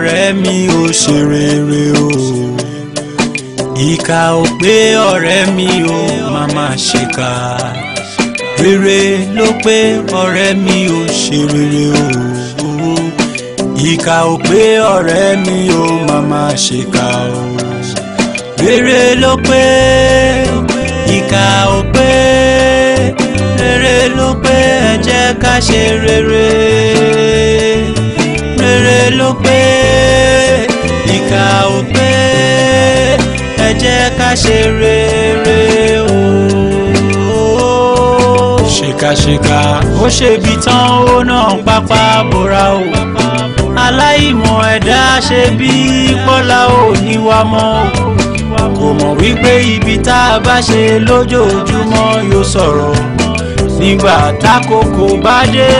ọ̀rẹ́ mi ò ṣe rere o ìkà ò pé ọ̀rẹ́ mi ò má má ṣèkà rere ló pé ọ̀rẹ́ mi ò ṣe rere o ìkà ò pé ọ̀rẹ́ mi ò má má ṣèkà o rere ló pé ìkà ò pé rere ló pé ẹ jẹ́ ká ṣe rere ire ló pé ìkà ò pé ẹ jẹ́ ká ṣe rere o. ṣèkàṣèkà ó ṣebi tán ó náà pápá bora o aláìmọ̀ ẹ̀dá ṣe bí pọ́lá ò ní wa mọ́ o kò mọ̀ wípé ibi tá a bá ṣe lójoojúmọ́ yóò sọ̀rọ̀ nígbà tákòkò bá dé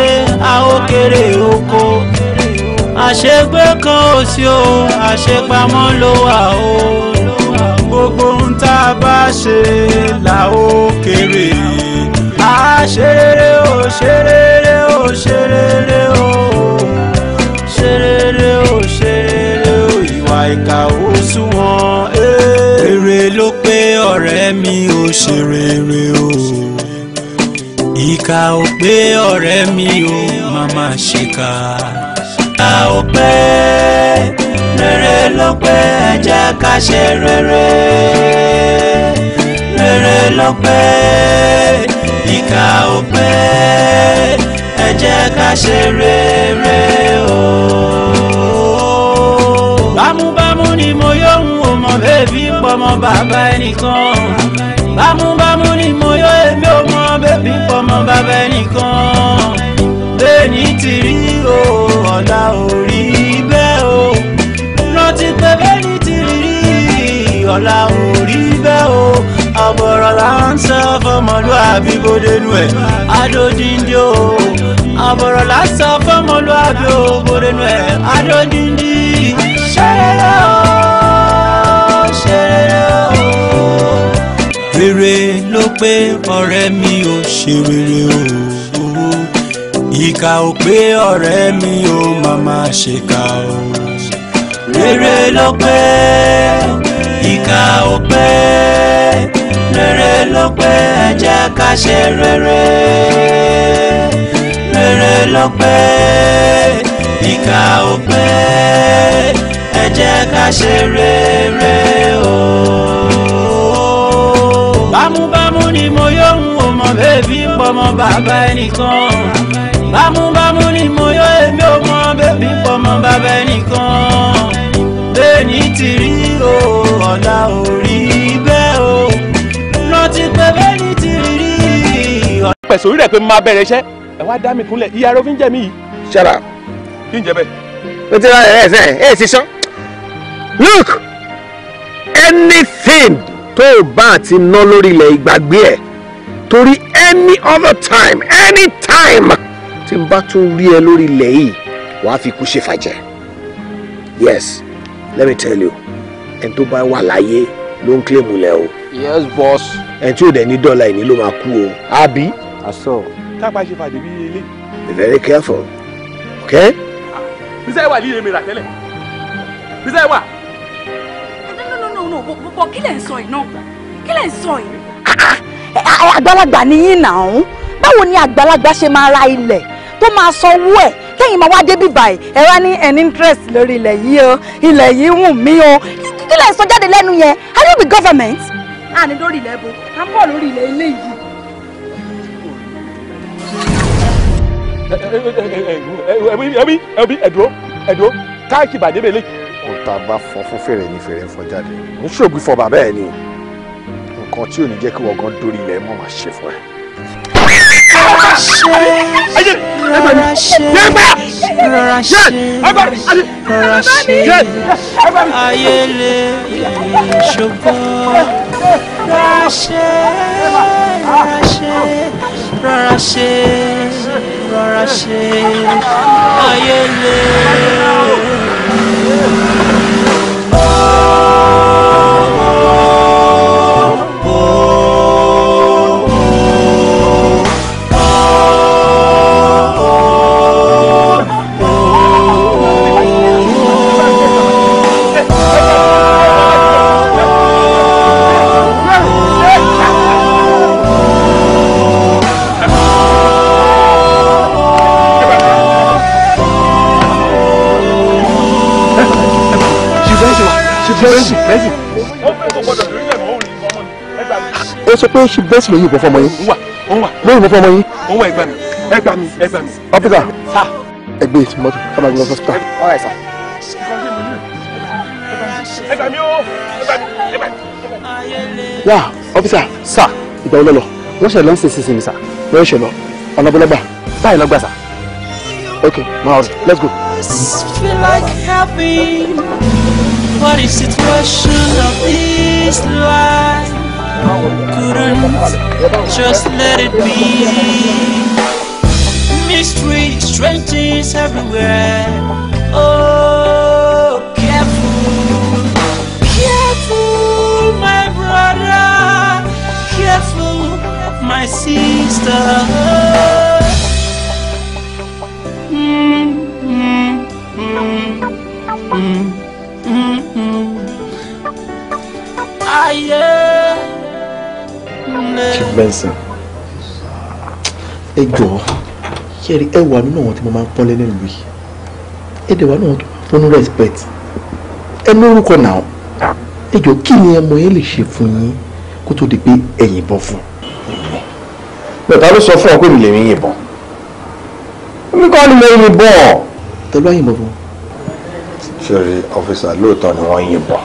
a ó kéré oko àṣegbé kan ò sí o àṣepamọ́ ló wà o gbogbo ń tá a bá ṣe là ó kéré àṣeré o ṣeré o ṣeré o ṣeré o ṣeré o ìwà ìkà ó sunwọ̀n èrè ló pé ọ̀rẹ́ mi ò ṣeré o ìkà ò pé ọ̀rẹ́ mi ò máa ṣèkà ọpẹ́ rere lọ́pẹ́ ẹ jẹ́ ká ṣe rere rere lọ́pẹ́ ìkà ọpẹ́ ẹ jẹ́ ká ṣe rere o. bámúbámú ni mo yóò ń wò mọ bébí pọmọ bàbá ẹnìkan bámúbámú ni mo yóò èmi ò mọ bébí pọmọ bàbá ẹnìkan lẹ́ni ti rí o ọ̀la ò bẹ́ẹ̀ o rántí pé lẹ́ni ti rí ọ̀la ò bẹ́ẹ̀ o àbọ̀rọ̀ là ń sọ fọmọlúàbí bó dénú ẹ̀ adódìndí o àbọ̀rọ̀ là ń sọ fọmọlúàbí o bó dénú ẹ̀ adódìndí ṣẹlẹ̀ o ṣẹlẹ̀ o rere ló pé ọ̀rẹ́ mi ò ṣe rere o ìkà ò pé ọ̀rẹ́ mi ò màmá ṣèkà o rere ló pé ìkà ò rere ló pé ẹ rere rere ló pé ìkà ò pé ẹ jẹ́ ká ṣe rere o. bámúbámú ni mo yóò ń wò bẹ́ẹ̀ bí ń bàbá ẹnìkan bámúbámú ni mo yọ èmi ò mọ bébí fọmọ bàbá ẹnìkan bẹ́ẹ̀ ní ti rí o ọ̀la ò rí bẹ́ẹ̀ o rántí pé bẹ́ẹ̀ ní ti rí rí. pẹ̀sẹ̀ orí rẹ̀ pé máa bẹ̀rẹ̀ iṣẹ́ ẹ wá dá mi kúnlẹ̀ iye aró fi ń jẹ mí yìí. ṣara kí n jẹ bẹ́ẹ̀. o ti rán ẹ ẹ ẹ ti sán. look anything tó o bá àti ná lórí ilẹ̀ ìgbàgbé ẹ̀ torí any other time any time tí n bá tún rí ẹ lórí ilẹ̀ yìí wàá fi ikú ṣe fàjẹ́ yes let me tell you ẹni tó bá wà láyé ló ń kílèmù lẹ o. yes boss. ẹni tí ò dẹ̀ ní dọ́là ìní ló máa kú o àbí. àṣọ. tápá ṣe fàdé bí ilé. be very careful okay. bísí ẹwà líle mi rà tẹ́lẹ̀ bísí ẹwà. no no no no bọ̀ kí lẹ̀ ń sọ yìí náà kí lẹ̀ ń sọ yìí. Ah, ah, ah, àgbàlagbà ni yín nà án báwo ni àgbàlagbà ṣe máa ra ilẹ̀ tó máa sanwó ẹ̀ tẹ́yìn máa wá débi báyìí ẹ wá ní an interest lórí ilẹ̀ yìí o ilẹ̀ yìí wù mí o kí lè sọ jáde lẹ́nu yẹn are you with government. a ní lórí ilẹ̀ bo a ń bọ̀ lórí ilẹ̀ ilé yìí. ẹbí ẹbí ẹdúró ẹdúró káàkiri bàdé bẹ́ẹ̀ lé. ọ̀tá bá fọ fún fèrè ní fèrè ń fọ jáde ń ṣògbì fọ bàbá ẹ ni nǹkan tí ò ní jẹ́ kí wọ́n gan dórí ilẹ̀ mọ́ máa ṣe fún ẹ ṣe rọra ṣe rọra ṣe rọra ṣe ayé lè ṣùgbọ́n rọra ṣe rọra ṣe rọra ṣe rọra ṣe ayé lè. bẹ́sì bẹ́sì. ó sọ pé ó ṣe bẹ́sì lóyún ìbọn fọmọ yín. ó wà ó wà lóyún ìbọn fọmọ yín. ó wà ẹ gbà mí ẹ gbà mí ẹ gbà mí. ọ́fíìsà ẹgbẹ́ ìtì mọ́tò ká máa gbé lọ sí hospital. ẹ gbà mí o ẹ gbà mí ẹ gbà mí. yà ọ́fíìsà sà ìgbà wo lọ́lọ́ wọ́n ṣe lọ́n ṣe sísìn mi sà wọ́n ṣe lọ ọ̀nà bọ́lọ́gbà báyìí lọ́gbà sà. okay ma ọ̀rẹ́ let's go. I feel like happy. What is the situation of this life. Couldn't just let it be. Mystery, strangers everywhere. Oh, careful, careful, my brother, careful, my sister. Benson ẹ jọ̀ọ́ ṣe rí ẹ wà nínú àwọn tí mo máa ń pọ́nlé nínú yìí ẹ dẹ̀ wà nínú àwọn tó máa ń fọ́nú respect ẹ ní orúkọ náà ẹ jọ̀ọ́ kí ni ẹ mọ yẹn lè ṣe fún yín kó tó di pé ẹ yìnbọn fún un. bẹ̀tà ló sọ fún ọ pé mi lè rí yìnbọn mi kọ́ ni mo yìnbọn. tọ́lú àyìnbọn fún un. ṣe rí ọ́fíìsà lóòótọ́ ni wọ́n yìnbọn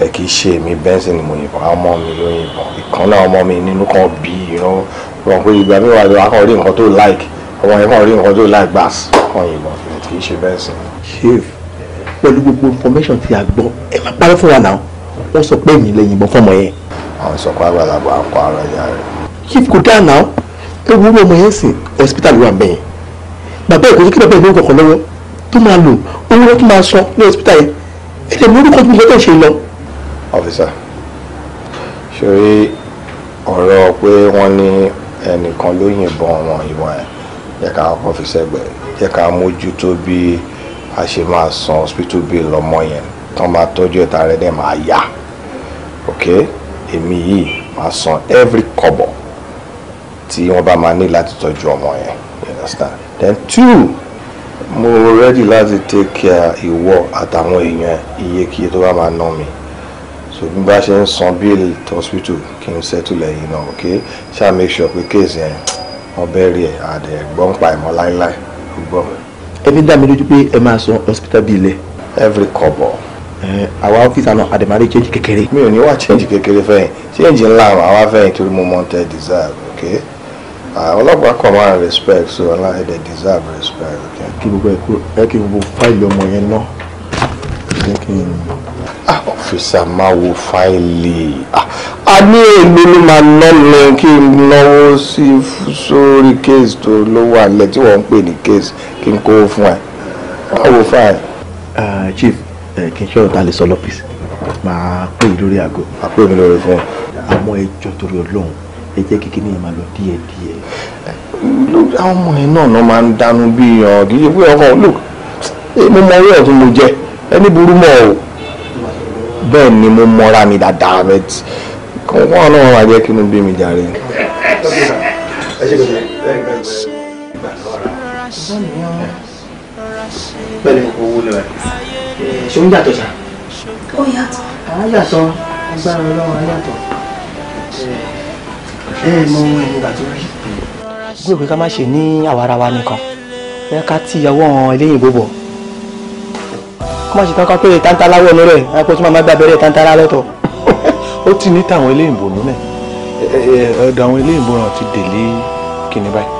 ẹ kì í ṣe èmi bẹ́ńsì ni mo yìnbọn àwọn ọmọ mi ló yìnbọn ìkan náà ọmọ mi nínú kan bí ìran wọn pé ìgbà mi wà lọ akọ rí nǹkan tó like ọmọ yẹn kàn rí nǹkan tó like gbàs kan yìnbọn ẹ kì í ṣe bẹ́ńsì. chief pẹ̀lú gbogbo information tí a gbọ́ ẹ máa parẹ́ fún wa náà wọ́n sọ pé èmi lè yìnbọn fọmọ yẹn. àwọn ìsọ̀kọ àgbàlagbà ń pa ara ìyá rẹ̀. chief kò dáa náà ẹ wo ọmọ yẹn sìn hospital wà bẹ́ẹ̀ bàbá ẹ̀ kò ní kí bàbá ẹ̀ ní ọkọ̀ lọ́wọ́ tó máa lò owó tó máa sọ ní hospital yẹn ẹ̀ lè mú orúkọ tó ń gbọ́dọ̀ ṣe lọ ọ́físà ṣòrí ọ̀rọ̀ pé wọ́n ní ẹnìkan ló yìnbọn wọn ìwọ̀n ẹ̀ yẹ ká kọ́ fi sẹ́gbẹ̀ yẹ ká mójútó bí a ṣe máa san hospital bill lọ́mọ yẹn tó máa tọ́jú ẹ̀ta rẹ̀ dẹ̀ máa yá ok èmi yìí máa san every kọ́bọ̀ tí wọ́n bá máa ní láti tọ́jú ọmọ yẹn you understand then two mo ready láti take care ìwọ àtàwọn èèyàn iye kí tó bá máa ná mi so bí bá ṣe ń san bill to hospital kí n settle ẹ̀yìn náà ok ṣá make sure pé case yẹn wọ́n bẹ́ẹ̀rì ẹ̀ àdẹ̀ gbọ́n pa ìmọ̀ láíláí gbọ́. ẹbí dá mi lójú pé ẹ máa san hospital bill ẹ. every kọ́bọ̀. àwa ọ́fíìsì àná àdèmàdé change kékeré. mi ò ní wá change kékeré fẹ́yìn change ńlá àwọn àwa fẹ́yìn torí mo mọ̀ tẹ́ deserve ok ọlọ́pàá kan máa respect so ọlá ẹ̀dẹ̀ deserve respect ok. kí gbogbo ẹ kí gbogbo fáìlì ọmọ yẹn ná ọ́fíìsà máa wo fáìlì ah, a ní èlò ló máa ná mi kí n náwó sí sórí kéèsì tó ló wà nílẹ̀ tí wọ́n ń pè ní kéèsì kí n kó fún ẹ máa wo fáìlì. Ah, chief kí n ṣọ́rọ̀ ta lè sọ lọ́fíìsì máa pè é lórí aago. máa pè mí lórí fún ọ. àmọ́ ẹjọ́ torí ọlọ́run ẹ jẹ́ kí kíní yẹn máa lọ díẹ̀díẹ̀. lórí àwọn ọmọ yẹn náà ló máa ń dánú bí ọ̀gíyẹ pé ọkàn look mo mọ orí ọ̀tún mo jẹ ẹni burú mọ́ o bẹ́ẹ̀ ni mo mọ́ra mi dáadáa rẹ tí kàn wọ́n náà wà jẹ́ kí inú bí mi jàre. pẹ̀lú owó lọ́wọ́ ṣé ń yàtọ̀ ṣá. ó yàtọ̀. àá yàtọ̀ agbára ọlọ́run á yàtọ̀ ẹ ẹ mọ ohun ẹ̀yìn gbàdúrà yìí. gbogbo ká má ṣe ní àwa ara wa nìkan ẹ ká tí ìyàwó ẹlẹ́yìnbó bọ̀ má ṣe kankan pé tantaláwọ̀ ní rẹ̀ ẹ̀kọ́ tí màmá gbàbẹ̀rẹ̀ tantara lọ́tọ̀. ó ti ní tàwọn eléyìnbó nílẹ̀ ọ̀dọ̀ àwọn eléyìnbó náà ti délé kíní báyìí.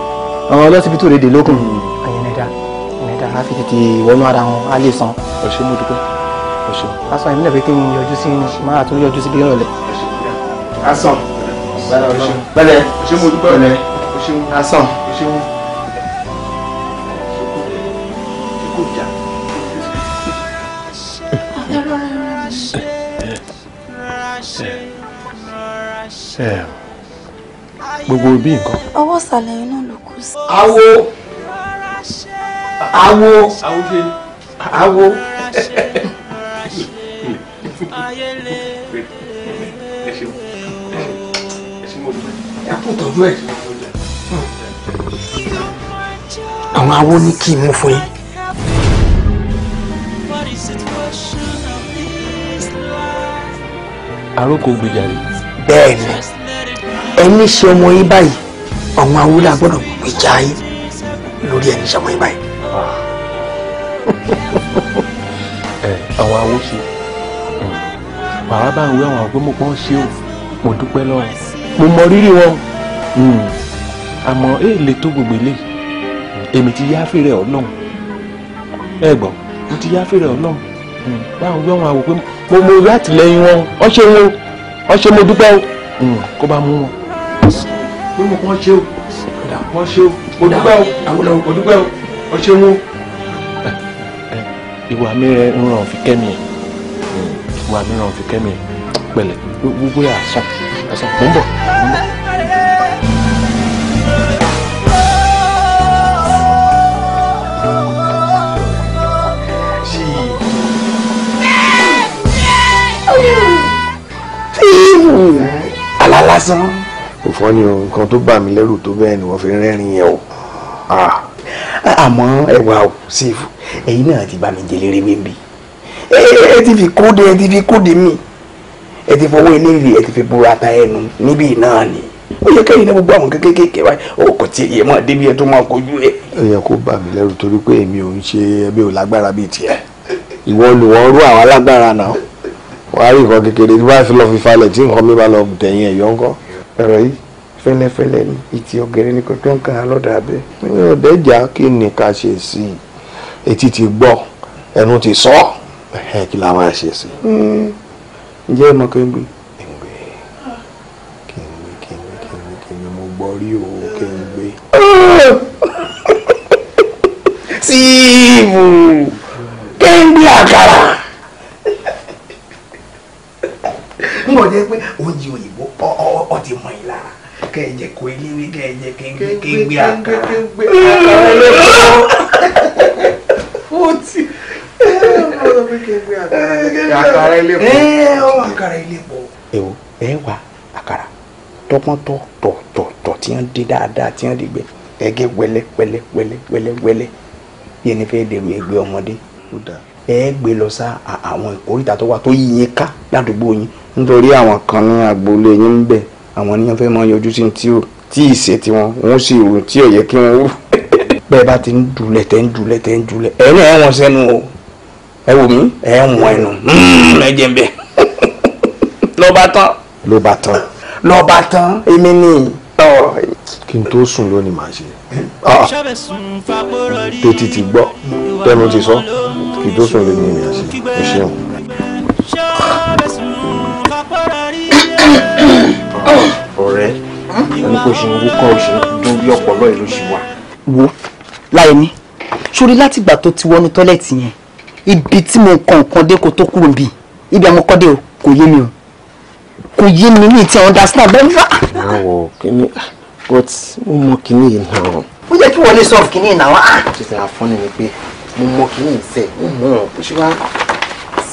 àwọn ọlọ́sibítù rẹ̀ dè lókun. ẹyin ẹ̀dá ẹ̀dá á fi tètè wọnú ara wọn á lè san. ọ̀ṣẹ́ mo dúpẹ́ ọ̀ṣẹ́. asan ìmílẹ̀ pé kí n yọjú sí máa tún yọjú sí bí ọ̀lẹ̀. asan bẹ́ẹ̀ ọ̀ṣẹ́ mo dúpẹ́ ọ̀lẹ́ gbogbo bí nǹkan. ọwọ́ ìsàlẹ̀ yìí náà ló kù sí. awo awo awo. àtúntọ́jú ẹ̀. àwọn awo ní kí n mú fún yín. àrókò gbèjà rèé bẹ́ẹ̀ ni ẹni ṣe ọmọ yín báyìí ọ̀hún awúlẹ̀ agbọ́dọ̀ gbé já yín lórí ẹni ṣe ọmọ yín báyìí. ẹ àwọn awúṣe bàbá bá ń wé àwọn àgbẹ̀ pọ́n ṣe o mo dúpẹ́ lọ́wọ́ mo mọ rírì wọn hmm. àmọ́ èèlè tó gbogbo eléyìí èmi ti yá fèrè ọlọ́run ẹ gbọ́ mo ti yá fèrè ọlọ́run hmm. báwọn wé àwọn àwò mo mọ orí àtìlẹyìn wọn ọ ṣe ọ ṣe mo dúpẹ́ o hmm. kó bá mú wọn. pé mo kàn ṣe o mo ṣe o mo dúpẹ́ o àwọn ọ̀nà mo dúpẹ́ o ọ ṣe mú. Eh, eh, ìwà mi rẹ ń ràn fi kẹ́mi hmm. ìwà mi ràn fi kẹ́mi pẹ̀lẹ́ gbogbo yà sàn sàn mò ń bọ̀. àlá lásán kò fọ́ ni o nǹkan tó bà mí lẹ́rù tó bẹ́ẹ̀ ni wọ́n fi rẹ́rìn yẹn o ah. àmọ́ ẹwà o sífù ẹ̀yin náà ti bá mi jẹlẹ́rẹ́ wẹ́ẹ́bì ẹ ti fi kóde ẹ ti fi kóde mi ẹ ti fọwọ́ ilé ìrì ẹ ti fi bu ata ẹnu níbí náà ni ó yẹ kẹ́yìn náà gbogbo àwọn kékèké wa ó kò tí ì débi ẹ tó máa kojú ẹ. ó yẹ kó bà mí lẹ́rù torí pé èmi ò ń ṣe ẹbí ò lágbára bíi tiẹ̀ ìwọ ni wọ́n rú àwọn alágbára náà wàá rí nǹkan kékeré tí wàá fi lọ fi falẹ̀ tí nǹkan mi máa lọ tẹ̀yìn ẹ̀yọ́ ńkọ́. ọ̀rọ̀ yìí fẹ́lẹ́fẹ́lẹ́ ni ìtì ọ̀gẹ̀rẹ̀ ni kòtò ń kà á lọ́dà abẹ́. mi ò dẹ́jà kí ni ká ṣe sí i etí ti gbọ́ ẹnu ti sọ ẹ̀ kí la máa ṣe sí i. Hmm. ǹjẹ́ ẹ mọ̀ kéńgbé. kéńgbé kéńgbé kéńgbé kéńgbé kéńgbé mo gbọ́ rí o kéńgbé. síìmù kéńgbé àkàrà. ń bọ̀ jẹ́ pé oúnjẹ òyìnbó ọ ti mọ̀ yín lára kẹ́ ẹ jẹ́ kó eléwé kẹ́ ẹ jẹ́ kí n gbé àkàrà. ó ti àkàrà ilé pọ̀. àkàrà ilé pọ̀. èwo ẹ wá àkàrà tọpọntọ tọtọtọ tí wọn dé dáadáa tí wọn dé gbẹ ẹgẹ wẹlẹ wẹlẹ wẹlẹ wẹlẹ wẹlẹ bí ẹni fẹẹ dèrò ẹgbẹ ọmọdé ẹ gbé lọ sá àwọn ìkórìtà tó wà tó yí yín ká ládùúgbò yín nítorí àwọn kan ní agboolé yín ń bẹ àwọn ní wọ́n fẹ́ mọ yọjú sí tí ò tí ì ṣe tiwọn wọ́n sì rò tí ò yẹ kí wọ́n rò. bẹ́ẹ̀ bá ti ń dulẹ̀ tẹ́ ń dulẹ̀ tẹ́ ń dulẹ̀ ẹ̀ náà ẹ̀ wọ́n sẹ́nu o ẹ wò mí ẹ̀ wọ́n ẹnu hmm, ẹ jẹ́ ń bẹ̀ ló bá tán. ló bá tán. ló bá tán èmi ni. kí n tó sùn lónìí màá ṣe tètè ti gbọ́ tẹnu ti sọ kí n tó sùn lónìí màá ṣe o ṣeun. kò ṣe ń wúkọ́ ò ṣe ń dórí ọpọlọ ẹ̀ ló ṣe wà. wo láyé ní sórí látìgbà tó ti wọnú tọ́lẹ̀tì yẹn ibi tí mo kàn kàn dé kó tó kúrò níbí ibi àwọn kọ́dé o kò yé mi o kò yé mi ní ti understand bẹ́ẹ̀ fà. Ah. àwọ̀ kìíní but mo mọ kìíní yìí náà. ó yẹ kí wọlé sọ kìíní náà wá. ṣe ti àfọ́nì ni pé mo mọ kìíní ìṣe mo mọ ọ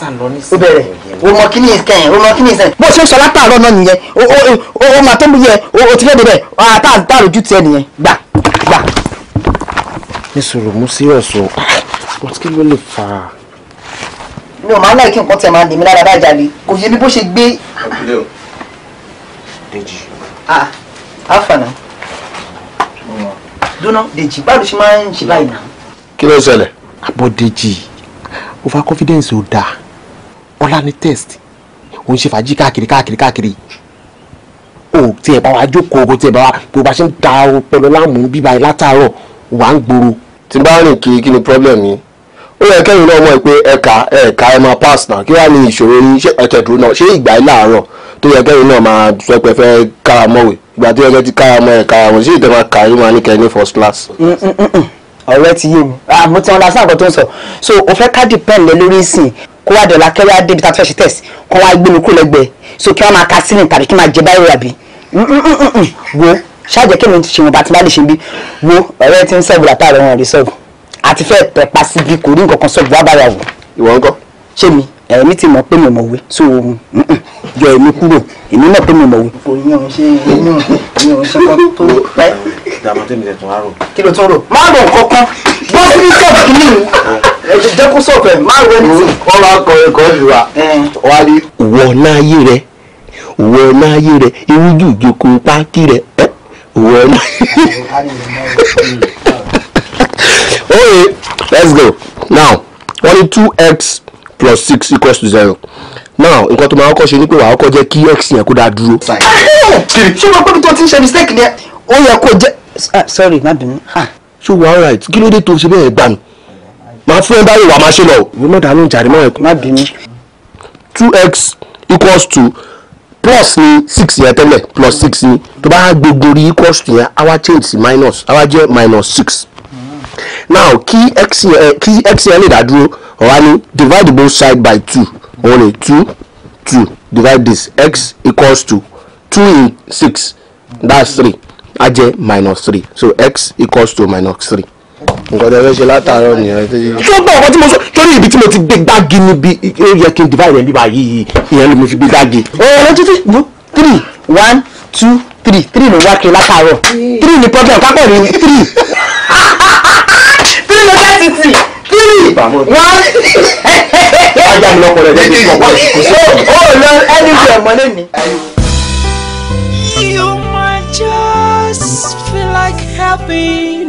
O bẹ̀rẹ̀ o mọ kí ni ìsẹ̀yìn o mọ kí ni ìsẹ̀yìn. bó ṣe ń sọ látàárọ̀ náà nìyẹn o máa tó o ti léde bẹ́ẹ̀ àtàtà lójú tiẹ̀ nìyẹn gbà gbà. mi sọ̀rọ̀ mú serious o but kí ló lè fà á. mi ò máa ń láì kí nǹkan tẹ̀ máa ń dèmí lára dájà lè kò yé mi bó ṣe gbé. Dèjì. ah àfànà dúná Dèjì báwo ṣe máa ń ṣe báyìí náà. kí ló ṣẹlẹ̀. àbọ̀ Dèjì over confidence ò dáa ọ̀la ni test òun ṣe fàájì káàkiri káàkiri káàkiri o tiẹ̀ bá wa jókòó o tiẹ̀ bá wa bó bá ṣe ń da ọpọlọ láàmú bíbá ẹ látàárọ̀ wà ń gbòòrò. tí bá rìn kiri kí ni problem yìí ó yẹ kẹ́yìn náà mọ̀ pé ẹ̀ka ẹ̀ka ẹ̀ máa pass náà kí wàá ní ìṣòro yín ṣé ẹ̀tẹ̀ dúró náà ṣé ìgbà yìí láàárọ̀ tó yẹ kẹ́yìn náà máa sọ pé fẹ́ kára mọ́wé ìgbà tó yẹ kẹ́ ti kára mọ́ ẹ̀ kára mọ́ ṣé ìtẹ̀ máa kà yín máa ní kẹ́ ní first class. Mm, mm, mm, ọ̀rẹ́ ti yé mi ah, mo ti wọn lásán àkọ́tún sọ so o fẹ́ ká depend lórí ìsìn kó wá dọ̀la kẹ́rì á débi tá a fẹ́ ṣe test kó wá gbé mi kú lẹ́gbẹ̀ẹ́ so kí wọ́n máa ka sílìn tàbí kí n máa jẹ báyìí àbí wo ṣáàjẹ́ kí mi ṣe wọn bá ti bá lè ṣe bí wo ọ̀rẹ́ ti ń sọ̀bù látàrí wọn rí sọ̀bù àti fẹ́ pẹ̀pa síbi kò rí nǹkan sọ̀bù wá bára wò. ìwọ ń kọ́. ṣé mi èmi ti mọ̀ pé mi mọ̀ wé so yọ èmi kúrò èmi náà pé mi mọ̀ wé. kò yàn ṣe é yàn mi rẹ wọ rẹ irú jù jòkó pákí rẹ wọ okay let's go now only two x plus six equals to zero now nǹkan tó máa kọ́ ṣe ni pé wàá kọ́ jẹ́ kí x yẹn kó dáa dúró. ṣé wọn pẹ́ẹ́bí tó ti ń ṣe mistake yẹn ó yẹ kó jẹ́. Ah, sorry má bínú. Ah. so wà á right kí ló dé tó ṣe bẹ́ẹ̀ gbà mí máa fún ẹ báyìí wàá máa ṣe lọ. ìwé mọ̀dà ló ń jàre mọ́ ẹ̀kọ́. má bínú. two x equals to plus ni six yẹn tẹ́lẹ̀ plus six ni tó bá gbogbo rí equals to yẹn á change sí minus Our wá jẹ́ minus six now kí x yẹn eh, lè dá dúró ọ̀rá ni divide both side by two Only rè two two divide this x equals to two in six that's three á minus three so x equals to minus three nǹkan tó fẹ́ ṣe látàárọ̀ nìyẹn. tó gbọ́ ọ̀kan tí mo sọ torí ibi tí mo ti gbé gbági níbi ó yẹ kí n divide rẹ̀ bíbá yìí ìyẹn ló mo fi gbé gbági. ọ̀rọ̀ títí three one two three three ló wá kiri látàárọ̀ three ni problem kápẹ́ rí three three ló jẹ́ títì three one. You might just feel like happy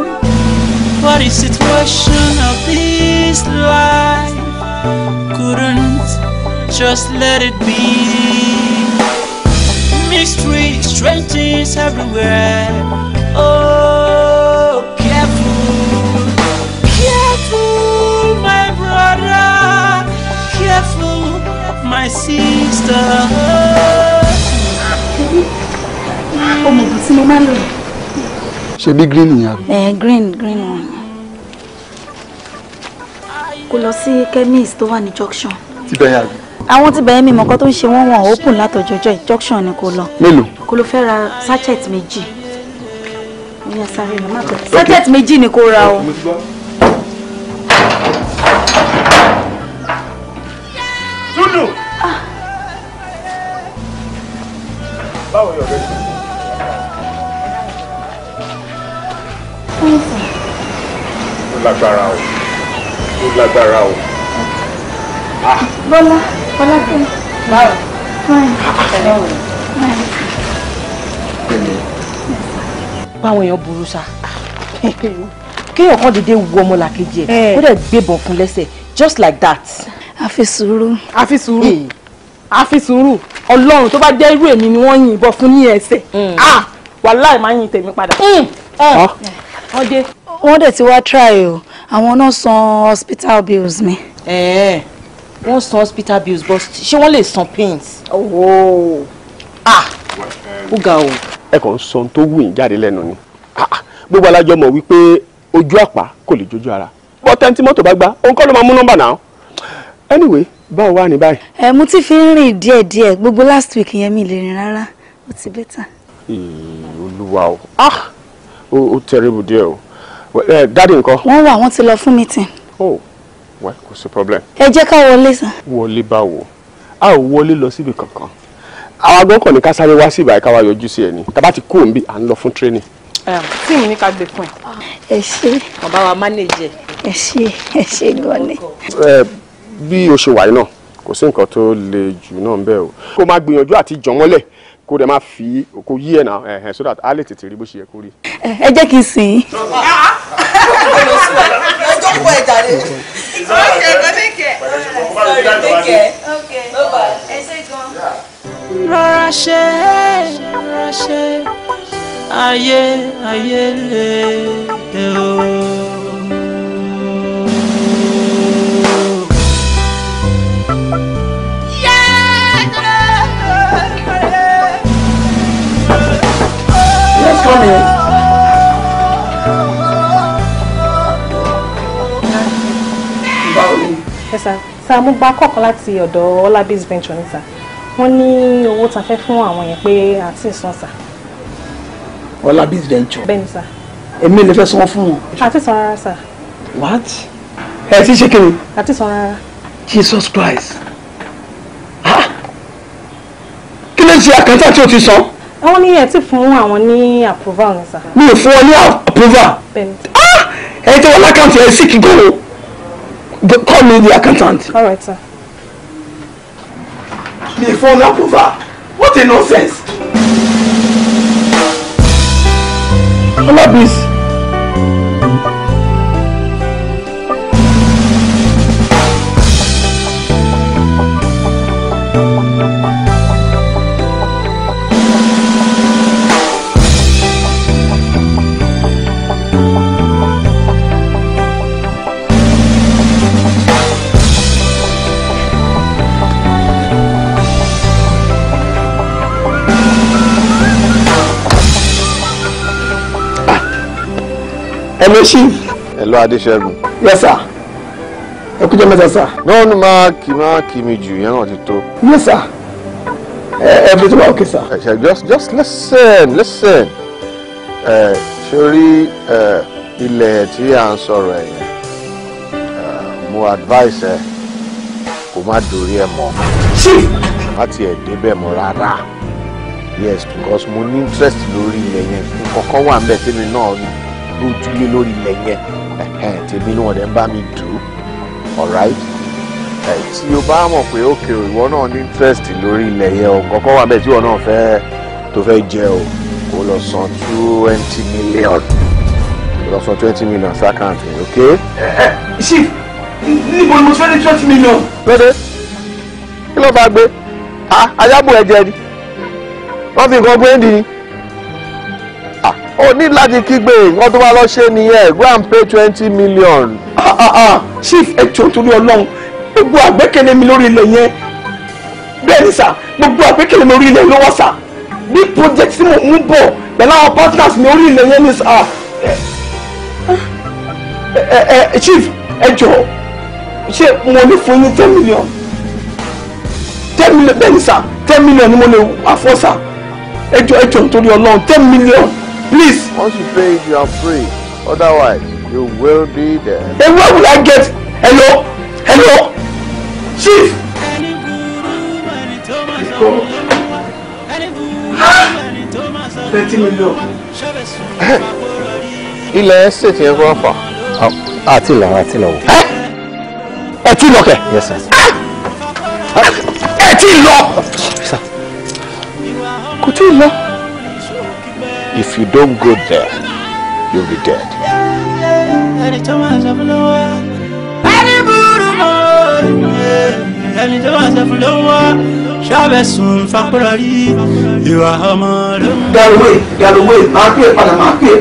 for the situation of this life. Couldn't just let it be. Mystery, strange things everywhere. ọmọ ògùn tí mo máa lò. green yẹn àbí. ẹ eh, green green one. kò lọ sí chemist tó wà ní junction. tibẹ̀ yà bí. àwọn tibẹ̀ yẹn mi mọ̀ kọ́ tó ń ṣe wọ́n wọ̀n open látọjọ́jọ́ yìí junction ni kò lọ. mélòó. kò ló fẹ́ ra sachet méjì. sachet méjì ni kò ra o. báwo yọ̀ rẹ. ó lágbára o ó lágbára o. Ah. bọ́lá bọ́lá tó ń báwo. báwọn èèyàn burú sa kéèyàn kan dédé wu ọmọ làkejì ẹ kó dẹ̀ gbébọn fún lẹ́sẹ̀ just like that. àfi sùúrù. àfi sùúrù àfi sùúrù ọlọ́run tó bá jẹ́ irú èmi ni wọ́n yìnbọn fún ní ẹsẹ̀ ah wàláì máa yìn tèmi padà. Mm. Mm. wọ́n dé. wọ́n dẹ̀ ti wá try o àwọn náà san hospital bills mi. wọ́n san hospital bills but ṣé wọ́n lè san pains. ó ga o. ẹ kàn ń sọ ohun tó wù yín jáde lẹ́nu ni gbogbo alájọ mọ̀ wípé ojú àpá kò lè jójú ara bọ́tẹ́ntì mọ́tò bá gbá òun kọ́ ló máa mú nọ́mbà náà anyway báwo wà ní báyìí. ẹ mo ti fi ń rìn díẹ̀ díẹ̀ gbogbo last week yẹn mi lè rìn rárá ó ti bẹ́tà. olúwa o ah ó terrible díẹ̀ o dáàdi nǹkan. wọ́n wà wọ́n ti lọ fún meeting. oh wẹ́ kò sí problem. ẹ jẹ́ ká wọlé sàn. wọlé báwo a ò wọlé lọ síbi kankan àwọn agbọ́nkàn ní ká sáré wá sí ìbáyìí ká wá yọjú sí ẹ ni tá bá ti kú òǹbí à ń lọ fún training. tí mi ní ká gbé fún ẹ. ẹ ṣe. bàbá wa manage ẹ ṣe ẹ ṣe gan ni bí o ṣe wà yìí náà kò sí nǹkan tó le jù náà bẹ́ẹ̀ o kó máa gbìyànjú àti jọ̀mọ́lẹ̀ kó dẹ̀ máa fi kó yí ẹ̀ náà ẹ̀hẹ̀ so that a lè tètè rí bó ṣe yẹ kó rí. ẹ jẹ́ kí n sìn. ẹ jókòó ẹ jàre. okay go take care. take care. okay bye rọra ṣe rọra ṣe ayé ayé lè dé o. ẹ sà sà mo gba kọ́kọ́ láti ọ̀dọ̀ Olabi's venture ní sà wọ́n ní owó ta fẹ́ fún àwọn yẹn pé àti ìsan sà. Olabi's venture. bẹ́ẹ̀ni sà. èmi lè fẹ́ sanwó fún wọn. àti san rárá sà. what ẹ ti ṣe kiri. àti san rárá. Jesus Christ kí ló ń ṣe àkántà tí o ti san. wọ́n ní ẹ ti fún àwọn ní approval ní sà. mi ò fún ọ ní approval. bẹ́ẹ̀ni. ẹni tó wà lákàntì ẹ sì kí gbọ́dọ̀. They call me the accountant. All right, sir. Before approval. What a nonsense. All of this. chief. hello adéṣẹ́gun. yes sir ẹ kújọ mẹ́ta sir. lọ́ọ̀nù máa kì máa kì mí jù yẹn náà ti tó. yes sir everything wa okay sir. ẹ ṣe just just listen listen ẹ sórí ẹ ilẹ̀ tí à ń sọ̀rọ̀ ẹ̀yìn mo advice ẹ kó má dorí ẹ mọ́ má tiẹ̀ débẹ̀ mọ́ rárá yes because mo ní interest lórí ilẹ̀ yẹn nǹkan kan wà ń bẹ̀ tèmi náà ni gbójúlé lórí ilẹ̀ yẹn tèmi ni wọ́n dẹ̀ ń bá mi dùn alright tí o bá mọ̀ pé òkè ìwọ náà ní interest lórí ilẹ̀ yẹn o nǹkan kan wà bẹ́ẹ̀ tí ìwọ náà fẹ́ tó fẹ́ jẹ o kó lọ san twenty million kó lọ san twenty million sákàǹtì ok. chief níbo ni mo fẹ́ ní twenty million. lóde kí ló bá gbé ajábọ̀ ẹ̀jẹ̀ ni wọ́n fi nǹkan gbé ń di ni ó ní láti kígbe nǹkan tó bá lọ ṣe nìyẹn go and pay twenty million. Ah, ah, ah. chief ẹjọ torí Ọlọ́run gbogbo àgbẹ́kẹ̀lé mi lórí ilẹ̀ yẹn bẹ́ẹ̀ ni gbogbo àgbẹ́kẹ̀lé mi lórí ilẹ̀ ló wà sà bí project tí mo ń bọ̀ pẹ̀lú àwọn partners mi orí ilẹ̀ yẹn ni sà eh, eh, eh, chief ẹjọ ṣé mo lè fún yín ten million ten million bẹ́ẹ̀ ni ten million ni mo lè wà fọ́ sà ẹjọ ẹjọ nítorí Ọlọ́run ten million. Please. Once you pray, you are free. Otherwise, you will be there. Then where will I get? Hello? Hello? Chief! Thirty million. Ilẹ̀ ṣètì ẹ̀ fún ọ̀fà. Àti ìlọ, àti ìlọ. Ẹ ti lọ kẹ̀. Yes sir. Ah! Ẹ ti lọ. Kò tí ì lọ if you don't go there you'll be dead. ẹni tó máa sọ fún lọ́wọ́ for that. mọ́ ẹni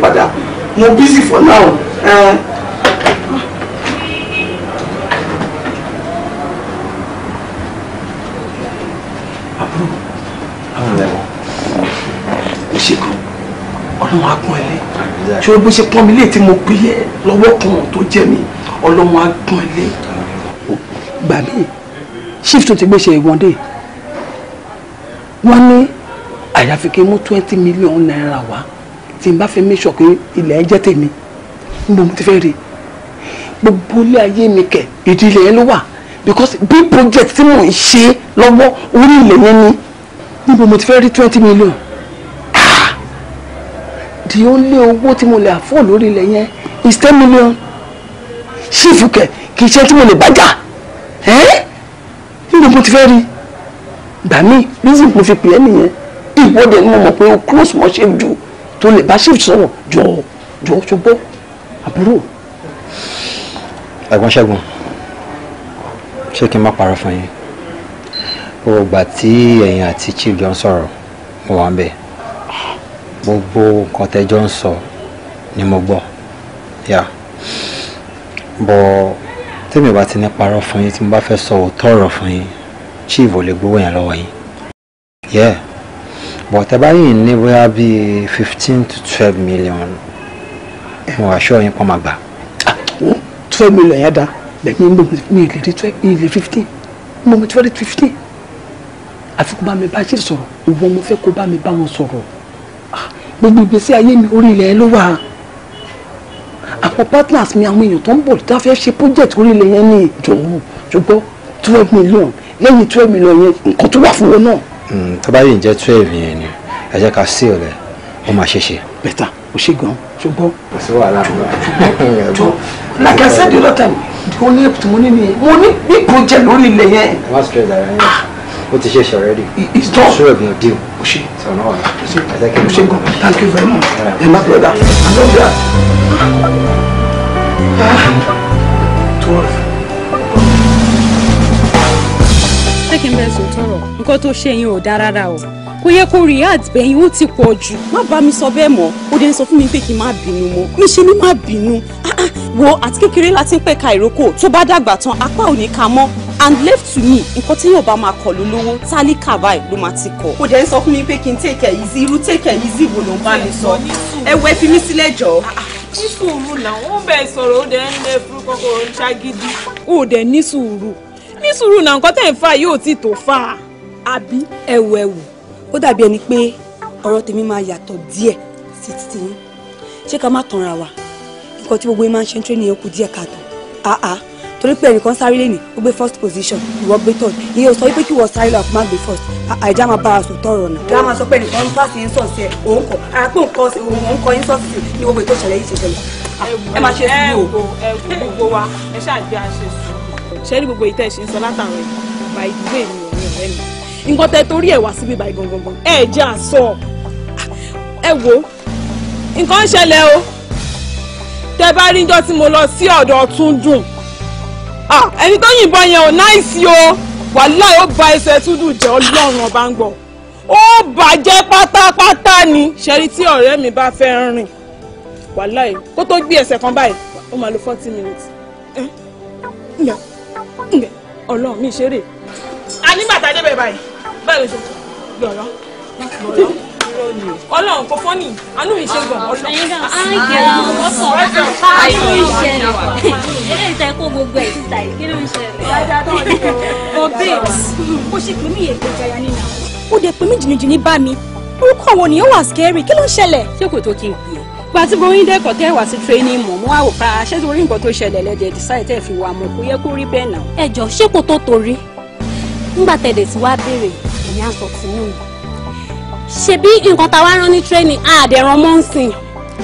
for that. sọ busy for now. Uh, ọlọ́run agbọ̀n ẹlẹ́ ṣé o bó ṣe pọ́n mi lé tí mo pín yẹ lọ́wọ́ kan tó jẹ́ mi ọlọ́run agbọ̀n ẹlẹ́. gbà mí shift tó ti gbé ṣe ìwọ́n dé wọ́n ní àyàfi kí n mú twenty million naira wá tí n bá fi mí sọ pé ilẹ̀ ẹ jẹ́ tèmi níbo mo ti fẹ́ rí gbogbo ilé ayé mi kẹ̀ ìdílé yẹn ló wà because bí project tí mò ń ṣe lọ́wọ́ orí ilẹ̀ yẹn ni níbo mo ti fẹ́ rí twenty million tí ó lé owó tí mo lè àfọ́ lórí ilẹ̀ yẹn is ten million ṣífù kẹ̀ kì í ṣe tí mo lè bájà ẹ́ nígbà mo ti fẹ́ rí gbà mí reason mo fi pè é nìyẹn ìwọ́de ni mo mọ̀ pé o close mọ́ ṣe ju tó lè bá ṣífù sọ̀rọ̀ jọ jọ ṣùgbọ́n àbúrò. ẹ̀gbọ́n ṣẹ́gun ṣé kí n má parọ́ fún yín gbogbo ìgbà tí ẹ̀yin àti chief jọ ń sọ̀rọ̀ mo wà ń bẹ̀ẹ́ gbogbo nǹkan tẹjọ ń sọ ni mo gbọ́ yà bọ tèmi bá ti ní parọ́ fún yín tí mo bá fẹ́ sọ òótọ́ ọ̀rọ̀ fún yín chief ò lè gbowó yẹn lọ́wọ́ yín yẹ bọ tẹ bá yìí ní bóyá bíi fifteen to twelve million ẹ wọ aṣọ yín pọ́n máa twelve million yẹn dá lẹ́yìn mi ì lè rí twelve mi ì lè rí fifteen mo mi ti fifteen àfi kó bá mi bá ṣe sọ̀rọ̀ ìwọ mo fẹ́ kó bá mi bá wọn sọ̀rọ̀ gbogbo ìgbésí ayé mi orí ilẹ̀ ló wà àwọn partners mi àwọn èèyàn tó ń bọ̀ tá a fẹ́ ṣe project orí ilẹ̀ yẹn ní ìjọ̀wọ́ ṣùgbọ́n twelve million lẹ́yìn twelve million yẹn nǹkan tó wà fún wọn náà. Hmm, tábàyè ń jẹ́ twelve yẹn ni ẹ jẹ́ ká sí ọ̀rẹ́ ó máa ṣe ṣe. bẹ́tà kò ṣe gan ṣùgbọ́n. kò sí wàhálà jọ like I said the other time the only help tí mo ní nìyẹn mo ní bí project lórí ilẹ̀ yẹn ó ti ṣẹ̀ṣẹ̀ already. it's done. sure of your deal. o ṣe so no wahala. o ṣe o ṣe gan thank you very much. ẹ má broda i love that. twelve. ṣé kí n bẹ̀rẹ̀ sòtọ́rọ̀ nǹkan tó ṣe yín ò dáa rárá o kò yẹ kó react bẹ́yìn ó ti pọ̀ jù. má bá mi sọ bẹ́ẹ̀ mọ́ ó dé ń sọ fún mi pé kí n má bínú mọ́ mi ṣe ní má bínú ah, ah, wo àti kékeré láti ń pẹ̀ka ìrókò tó bá dàgbà tán apá ò ní ka mọ́ and left to me nǹkan tí yóò bá máa kọ̀ ló lówó tálíkà báyìí ló máa ti kọ̀. kò dẹ̀ sọ fún mi pé kí n take it easy irú take it easy wo ló ń bá mi sọ ẹ wẹ fi mí sílẹ̀ jọ ah, ní sùúrù náà ó bẹ̀ sọ̀rọ̀ ó dẹ̀ ń lé fún kọ́kọ́ ó ń ṣagídí. ó dẹ̀ ní sùúrù ní sùúrù náà nǹkan tẹ̀ ń fà yóò ti tó fà á àbí ẹ̀wẹ̀wù ó dàbí ẹni pé ọ̀rọ̀ tèmi máa yàtọ̀ díẹ̀ sí títí yín ṣé ká má tanra wa nǹkan tí gbogbo yín máa ń ṣe ń tẹ́ ní okùn díẹ̀ káàtó àá torí pé ẹnìkan sáré lẹ́nìí ó gbé first position ìwọ gbé third ìyẹn ò sọ wípé kí wọ́n sáré lọ àpò má gbé first àìjá máa a sùn tọrọ náà. ká máa sọ pé ẹnìkan ń pàṣẹ ń sọ̀sì ẹ̀ òun kọ̀ ara pé òun kọ́ òun kọ́ ń sọ̀sì ní gbogbo ètò ìṣẹ̀lẹ̀ yìí ṣe ṣẹlẹ̀ ẹ máa ṣe sùúrù o. ẹ gbogbo wa ẹ ṣáà gbé aṣẹ sùúrù. ṣé ní gbogbo ìtẹ́ ń sọ látàwọn ẹ̀ by ní ọ̀rẹ́ mi nǹkan tẹ torí ẹ̀ wá síbí báyìí gangan ẹ jẹ́ àsọ ẹ wo nǹkan ṣẹlẹ̀ o tẹ bá rí njọ́ tí mo lọ sí ọ̀dọ̀ Túndùn ẹni tó yìnbọn yẹn ò náìsí o wàláì ó ba ẹsẹ̀ Túndùn jẹ́ ọlọ́run ọba ń gbọ́ ó bàjẹ́ pátápátá ni ṣẹ́rí tí ọ̀rẹ́ mi bá fẹ́ rìn wàláì kó tó gbé ẹsẹ̀ kan báyìí ó máa lo forty minutes ǹgẹ̀ ǹgẹ̀ ọlọ́run mi ṣeré. a nígbà tá a débẹ̀ báyìí báyìí ló ṣe lọ̀rọ̀ lọ̀rọ̀ ọlọ́run kò fọ́nì àánú mi ṣe gbọ̀n ọlọ́run. àìyá ọ̀sán àánú mi ṣe eré ìta ẹ̀kọ́ gbogbo ẹ̀ títa ẹ̀ kí ló ń ṣẹlẹ̀. ọbẹ̀ ó ṣe pé mí èkó jaya nínú. ó dẹ̀ pé mí jìnnìjìnnì bá mi orúkọ àwọn ènìyàn wà scary kí ló ń ṣẹlẹ̀. ṣé kò tó kí n pè é gba tí mo ń dẹ́kọ̀ tẹ́ wá sí training mọ̀ mo wá wò pa ah, ṣé torí nǹkan tó ṣẹlẹ̀ lẹ́dẹ̀ẹ́ decide tẹ́ fi wà mọ̀ kó yẹ kó rí bẹ́ẹ̀ náà. ẹ jọ ṣé kò tó torí ńgbà tẹ̀lé tí wàá béèrè èmi á sọ fún yín ṣebí nǹkan tá a wá rán ní tírénì àdẹ̀rán mọ́ ń sìn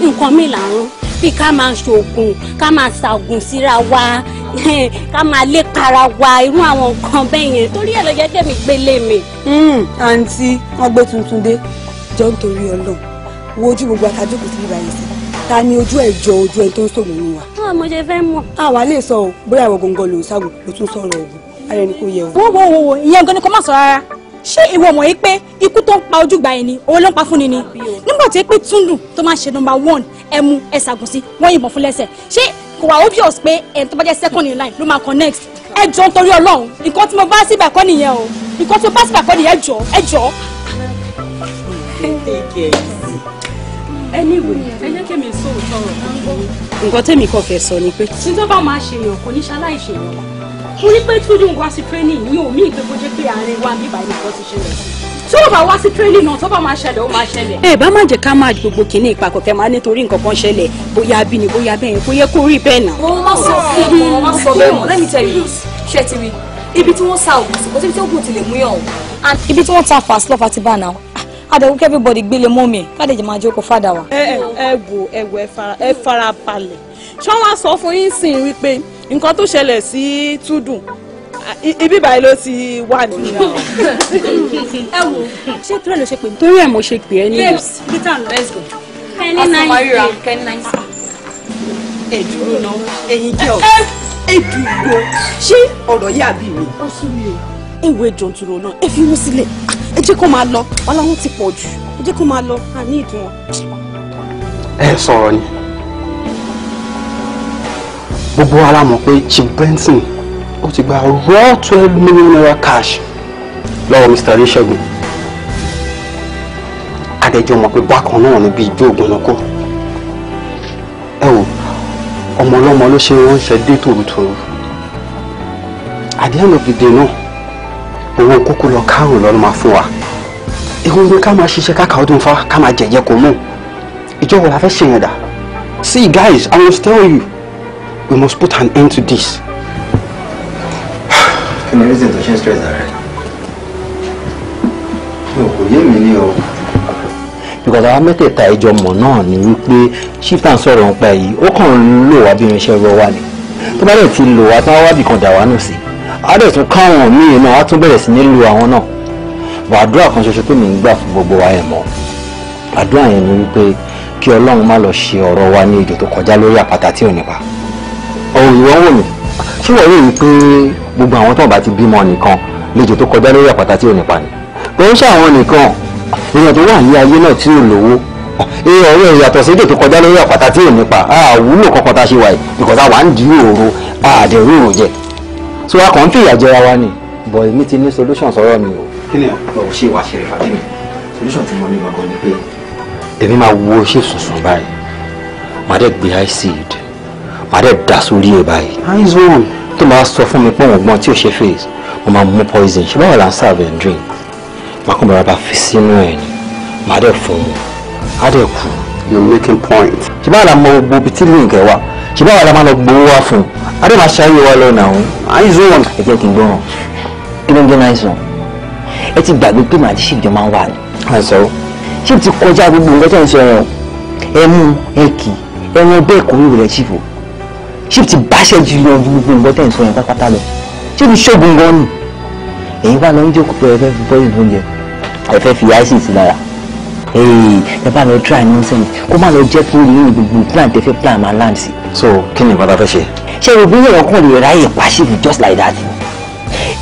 nǹkan mi là ń rán bí ká máa ṣoògùn ká máa ṣàgùn síra wa ká máa lépara wa irú àwọn nǹkan bẹ́ẹ̀ yẹn torí ẹ̀ ló jẹ́ kẹ́mi gbélé mi. Hmm, àǹtí wọn gbé tuntun dé jọ nítorí Ọlọ́run wo ojú gbogbo àtàjókòó sí ìbáyìí sí ta ni ojú ẹ jọ ojú ẹ tó ń sògùn nù wa. náà ah, mo ṣe fẹ́ mọ̀. àwa lè sọ o bóyá ìwọ gbọngàn lòún ságùn ló tún sọ̀rọ̀ ogun ara ẹni kò yẹ o. wo wo wo ìyẹn gan ni kò má sọ rárá ṣé ìwọ mọ̀ yìí pé ikú tó ń pa ojúgbà yẹn ni òun ló ń pa fúnni ni nígbà tí pé túndùn tó máa ṣe nọ́mbà one ẹmu ẹ̀sàgùnsí wọ́n yìnbọn fún lẹ́sẹ̀ ṣé kò wá obvious pé ẹ̀ tó bá jẹ́ second in line ló máa kọ next ẹ jọ nítorí ọlọ́run nǹkan tí mo bá síbà kọ́ nìyẹn o nǹkan tí mo bá síbà kọ́ nìyẹn jọ ẹ jọ. anyway ẹ jẹ́ kí mi sóòótọ́ rọ̀ nǹkan tẹ́mi kọ̀ fẹ́ sọ ni pé. tí tó bá máa ṣèyàn kò ní mo ní pé túndú ń wá sí training yìí omi ìpè kó jẹ́ pé àárín wa mi ìbàdàn kan ti ṣẹlẹ̀ tí ó bá wá sí training náà tó bá máa ṣẹlẹ̀ ó máa ṣẹlẹ̀. ẹ bá má jẹ ká máa gbogbo kínní ìpapọ̀ kẹ máa nítorí nǹkan kan ṣẹlẹ̀ bóyá bí ni bóyá bẹ́ẹ̀ kó yẹ kó rí bẹ́ẹ̀ náà. mo má sọ fún mi mo má sọ bẹ́ẹ̀ mọ́ let me tell you ṣé ti rí ibi tí wọ́n sá ògùn sí kò síbi tí ògùn ti lè mú yàn o. ibi tí wọ́n ta fast lọ́fà ti bá náà adẹ̀wò ah, kí everybody gbélé mọ́ mi káde jẹ́ máa jẹ́ kó fàdà wa. ẹ ẹ ẹ wo ẹ wo ẹ fara balẹ̀ ṣé wọ́n wá sọ fún yín sìn nǹkan tó ṣẹlẹ̀ sí túdùn ibi báyìí ló ti wà nínú ẹ wò ṣé tóra ló ṣe pè mí. torí ẹ mo ṣe pè ẹ ní lips. kẹ́ni náà yìí kẹ́ni náà yìí. ẹ dúró náà ẹyin jẹ́ ọ̀ ẹ dúró ṣé ọ̀rọ̀ yà bí mi. ó sún mi o. ìwé jọ̀ǹtúrò náà ẹ fi mú sílẹ̀ ẹ jẹ́ kó máa lọ wàhálà wọn ti pọ̀ jù ẹ jẹ́ kó máa lọ àní ìdùn wọn. ẹ sọ̀rọ̀ ni gbogbo wa la mọ̀ pé chief benson ó ti gba raw twelve million naira cash lọ́wọ́ mr oníṣègùn adẹjọ́ mọ̀ pé bákan náà ni bíi ijó ògùn lọ́kọ́ ẹ wò ọmọ ọlọ́mọ ló ṣe ránṣẹ́ dé tòrutòru àdéhùn ògìdè náà owó kókó lọ kárùn lọ́nà máa fún wa ìhun ni ká máa ṣiṣẹ́ káka ọdún fa ká máa jẹ̀jẹ̀ kò mú ìjọba la fẹ́ ṣèyàn dà see guys i must tell you. We must put an end to this. Can I listen to change stress ààrẹ? Mi ò kò yé Because àwọn mẹ́tẹ̀ẹ̀ta ìjọ mọ̀ náà ni wípé ṣífà ń sọ̀rọ̀ nípa èyí ó kàn ń lò wá bí irinṣẹ́ rọ wá ni. Tó bá dẹ̀ ti lò wá tán wá bìkan dà wá nù sí. Á dẹ̀ tún káwọn míì náà á tún bẹ̀rẹ̀ sí ní lu àwọn náà. Wàdúrà kan ṣoṣo pé mi ń gbà fún gbogbo wa ẹ̀ mọ́. Àdúrà yẹn ni wípé kí Ọlọ́run má lọ ṣe ọ̀rọ̀ wa ní ìjọ tó kọjá lórí àpáta tí ò nípa òun ìwọ ń wò mí ṣé wọ́n rí i pé gbogbo àwọn tó ń bá ti bímọ nìkan lejò tó kọjá lórí àpáta tí ò nípa ni kò ń ṣe àwọn nìkan èèyàn tó wà ní ayé náà tí ò lówó ee ọ̀rọ̀ ìyàtọ̀ sédè tó kọjá lórí àpáta tí ò nípa àwúlò kankan tá a ṣe wà yìí because àwa ń di òru àdèrú òrò jẹ so a kàn ń fìyà jẹra wa ni but èmi ti ní solution sọ̀rọ̀ mi o. kí ni ọ̀ ṣe wàá ṣe rẹ̀ fàdí mi solution tí mo ní gbàgbọ́ ni pé èmi máa wo ṣe sùnsùn màá dẹ̀ dà sórí ẹ̀ báyìí. eyes on tó máa sọ fún mi pé òun gbọ́n tí ò ṣe face mo máa mú poison ṣé báwo la ń serve and drink màá kàn bàbá fi sínú ẹ̀ ni màá dẹ̀ fún un á dẹ̀ kú. you're making point. ṣé báwo la mọ gbogbo ibi tí link ẹ wà ṣé báwo la máa lọ gbowó wá fún un á dẹ̀ máa ṣayé wa lọ òun. eyes on. ẹ jẹ́ kí n gbọ́ràn kí ló ń gbẹ́nà eyes on ẹ ti gbàgbé pé màá ti ṣèjọ máa wà ní. àìsàn o. ṣé ti kọjá gbogbo nǹkan tó ń ṣe ẹ̀rọ ẹ̀mú ẹ̀kì ẹ̀rọ bẹ́ẹ̀ kò rí ìrẹsì fò ṣé ti báṣẹ jù lọ ju gbogbo nǹkan tẹ̀ ń sọ yẹn pátápátá lọ ṣé ibi ṣógun gan ni èyí wà lọ ń jókòó pé ẹ fẹ́ fi bọ́ọ̀lù lóúnjẹ ẹ fẹ́ fi ice sí lára ẹ bá lọ try nonsense kó má lọ jẹ́ kó rí ní gbogbo plan tẹ fẹ́ plan máa land sí. so kí ni bàtà fẹ́ ṣe. ṣé ìwé ìwé ọkàn lè ráyè pàṣípù just like that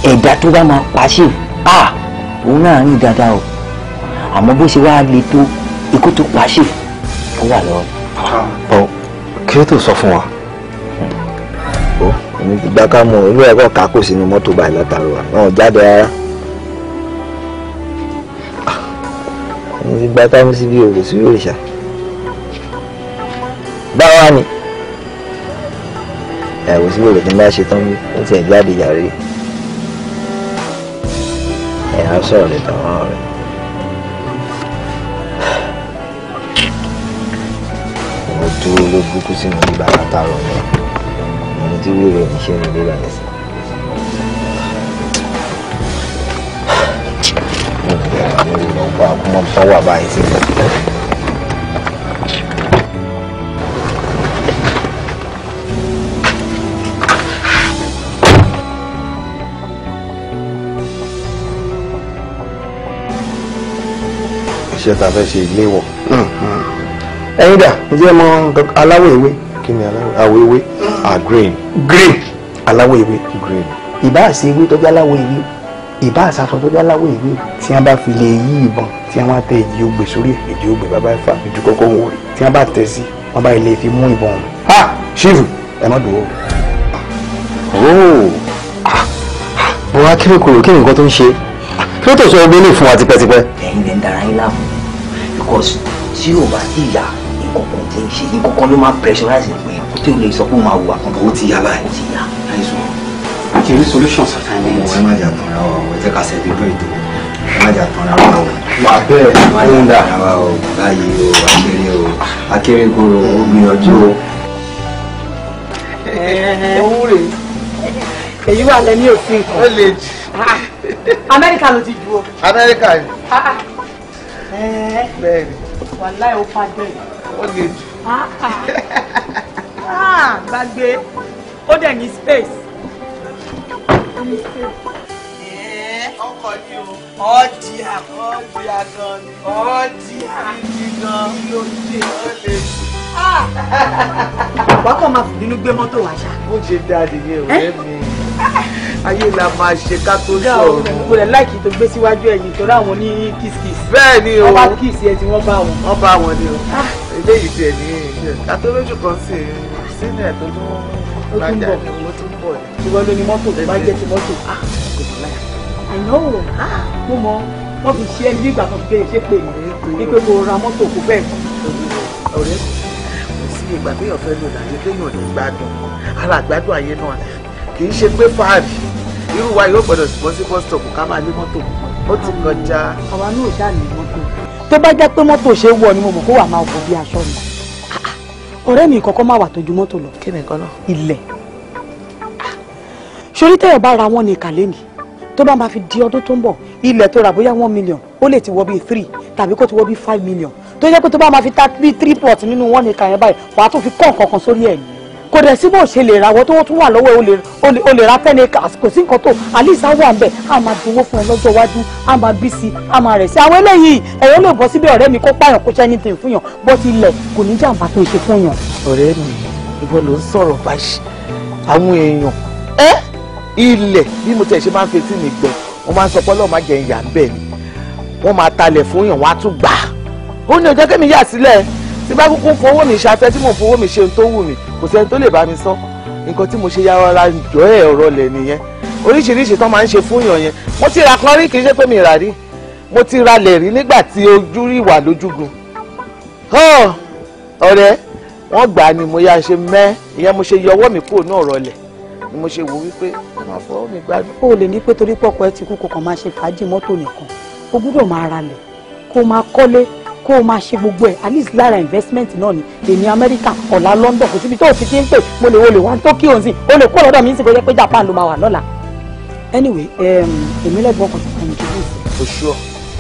ẹ̀dá tó bá máa pàṣípù ah òun náà ní dáadáa o àmọ́ bó ṣe wáá le tó ikú tó pàṣípù ó wà lọ́wọ́. bọ́ kí ló tó sọ fún wa èmi ti gbá ká mú un olú ẹ̀kọ́ kákò sínú mọ́tò báyìí látàrọ àwọn jáde rárá èmi ah, ti gbá ká mú síbi òwò sí òrìṣà báwa ni ẹ̀wò sí òwò tí n bá ṣe tán bí ó ti ẹ̀ jáde yàrá ẹ̀ á sọ̀rọ̀ lẹ́tọ̀ àwọn ọ̀rẹ́. dúró ló burúkú sínú ibà látàrọ ni tí ta fẹ́ ṣe ilé wọ̀. ẹ̀yin dà ǹjẹ́ mọ aláwọ̀ ewé kí ni aláwọ̀ ewé ah green. green aláwọ̀ ewé. green. ìbá àṣẹ ewé tó jẹ́ aláwọ̀ ewé ìbá àṣàṣọ tó jẹ́ aláwọ̀ ewé tí wọ́n bá fi lè yí ìbọn tí wọ́n tẹ èjì ogbè sórí èjì ogbè bàbá ẹ̀fà ìdú kọ́kọ́ wò rẹ̀ tí wọ́n bá tẹ̀ sí wọ́n bá ilé fi mú ìbọn rẹ̀. ha shivu. ẹ má dùn ó. bọ́lá oh! ah! kí ló kúrò kí nǹkan tó ń ṣe kí ló tó sọ ọgbẹ́ ní wa tipẹ́tipẹ́. ẹ̀yin ń dara because tí yóò bá sí ìyá nǹkan kan tó lè sọ pé ó máa wù àkàn bó ti yá báyìí. ó ti yá àìsàn kì í solution sometimes. ọmọ ẹ má jà tán ra wa ọ jẹ́ ká ṣẹbi bẹ́ẹ̀ tó ẹ má jà tán ra wa o. wà á bẹ́ẹ̀ má jà tán ra wa o báyìí o akéré o akéré koro ó gbìyànjú o. ẹ wúre èyí wà lẹ ní òfin kan. ó lè jù. Ah, amẹ́ríkà ló ti ju o. amẹ́ríkà ni. Ah, ah. bẹ́ẹ̀ ni. wàláì ó fa bẹ́ẹ̀. ó lè jù. Ah, gbàgbé ó dẹ̀ ní space. ọkọ̀ ni o ọ̀dì àkọ́ọ̀dì àgàn ni ọ̀dì àgìdì gan ló dé ó lè jù. Ah. wàá kàn máa fò nínú gbé mọ́tò wá ṣá. ó ṣe dáadé yẹn ọ̀rẹ́ mi ayé la máa ṣe ká tó sọ̀rọ̀. mo rẹ̀ láìkí tó gbé síwájú ẹ̀yìn torí àwọn ní kìsìkìsì. bẹ́ẹ̀ ni o wọ́n bá kìsì ẹ tí wọ́n bá wọn. wọ́n bá wọn ni o ah. eléyìí tẹ̀ ní ká tó lójú kan sí i sílẹ̀ tó tún lájà ní mo ti ń bọ̀ ní. ìwọ ló ní mọ́tò tó bá jẹ́ ti mọ́tò á ah, kò ní láyà. àná ò ah, mo mọ wọn fi ṣe ẹni nígbà kan bẹ́ẹ̀ ṣe pé ní pé mo ra mọ́tò kó bẹ́ẹ̀ kọ́. ọ̀rẹ́ kò sí ìgbà tó yàn fẹ́ lò láyé téèyàn ní gbádùn ara àgbádùn ayé náà kì í ṣe pé fáàrí irú wa yóò gbọdọ̀ bọ́ sí bus stop ká máa ní mọ́tò ó ti kọjá. àwa náà ṣáà mọ́tò. tó bá jẹ́ pé mọ́tò ṣe é wọ ni mo mọ̀ kó wà máa wọ bí aṣọ mi ọ̀rẹ́ mi kọ́kọ́ má wà tójú mọ́tò lọ. kí ni gan-an. ilẹ̀ sori tẹ́yọ̀ bá ra wọn ní ìkàlẹ́ mi tó bá máa fi di ọdún tó ń bọ̀ ilẹ̀ tó rà bóyá one million ó lè ti wọ bíi three tàbí kó ti wọ bíi five million tó yẹ pé tó bá máa fi ta bíi three pot nínú wọn ní ìkàlẹ́ báyìí wàá tún fi kọ́ nǹkan kan sórí ẹ̀ nìyẹn kò dẹ̀ sí bó ṣe lè rawọ́ tó wọ́n tún wà lọ́wọ́ o lè ra tẹ́lẹ̀ kò sí nǹkan tó àlìsà wà ńbẹ̀ a máa dùnwó fún ẹ lọ́jọ́ iwájú a máa bí sí a máa rẹ̀ sí àwọn eléyìí ẹ̀yọ́ lè bọ́ síbẹ̀ ọ̀rẹ́ mi kó pààyàn kó ṣẹ́ni tẹ̀ fún yàn bọ́ ti lẹ̀ kò ní jàǹbá tó ṣe fún yàn. ọ̀rẹ́ mi ìwọ ló ń sọ̀rọ̀ báyìí àwọn èèyàn ẹ́ ilẹ̀ bí mo tẹ̀ ṣe máa ń fetí mi gbọ́ wọ́n máa ń tí bá kúkú fowó mi ṣafẹ́ tí mò ń fowó mi ṣe ohun tó wù mí kò sẹ́ni tó lè bá mi sọ nǹkan tí mo ṣe ya ọ̀rá jọ ẹ̀ ọ̀rọ̀ lẹ̀ nìyẹn oríṣiríṣi tán máa ń ṣe fún yàn yẹn mo ti ra kan rí kì í ṣe pé mi rà rí mo ti ra lẹ̀ rí nígbà tí ojú rí wà lójúgun ọ̀rẹ́ wọ́n gbà á ni mo yá ṣe mẹ́ ìyẹn mo ṣe yọ ọwọ́ mi kúrò náà rọlẹ̀ ni mo ṣe wò wípé ẹ fọwọ́ mi gbádùn. o lè ní pé torí pọ̀pọ̀ ẹ ti kú kọkàn máa ṣe fàájì mọ́tò nìkan o gbúdọ̀ máa ra lẹ̀ kó máa kọ́lé kó o máa ṣe gbogbo ẹ̀ at least lára investment náà ni èmi amẹ́ríkà ọ̀la london kò síbi tó o ti ti ń pè mo lè wo lè wá tokyo nsìn o lè kó lọ́dọ̀ mi nsìn kó jẹ́ pé japan ló máa wà lọ́la anyway èmi lẹ́gbọ́n kan tó fún mi kí ló for sure.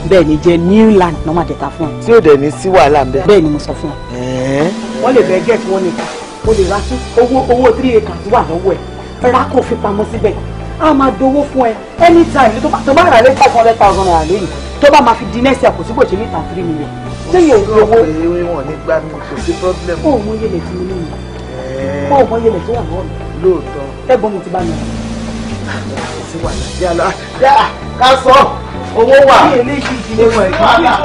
bẹ́ẹ̀ ni jẹ new land náà máa tẹ̀ta fún ọ. tí ò dẹ̀ ní sí wàhálà ń bẹ́ẹ̀. bẹ́ẹ̀ ni mo sọ fún ọ. wọ́n lè bẹ́ẹ̀ gẹ̀ẹ́tì wọn nìkan o lè ra owó owó three acres wà lọ́wọ́ ẹ̀ ra kó fi pamọ́ síbẹ̀ a máa dowó fún ẹ anytime tó bá rà lé five hundred thousand naira lónìí tó bá máa fi di next year kò sí kò ṣe ní ìtàn three million lẹ́yìn òdòwó wọn ní gbá mi yẹlẹ tí mo ní yìí ó mọ yẹlẹ tó wà lọ́wọ́ mi. lóòótọ́ mi ti bá mi. ká sọ owó wà. bí eléyìí ti lè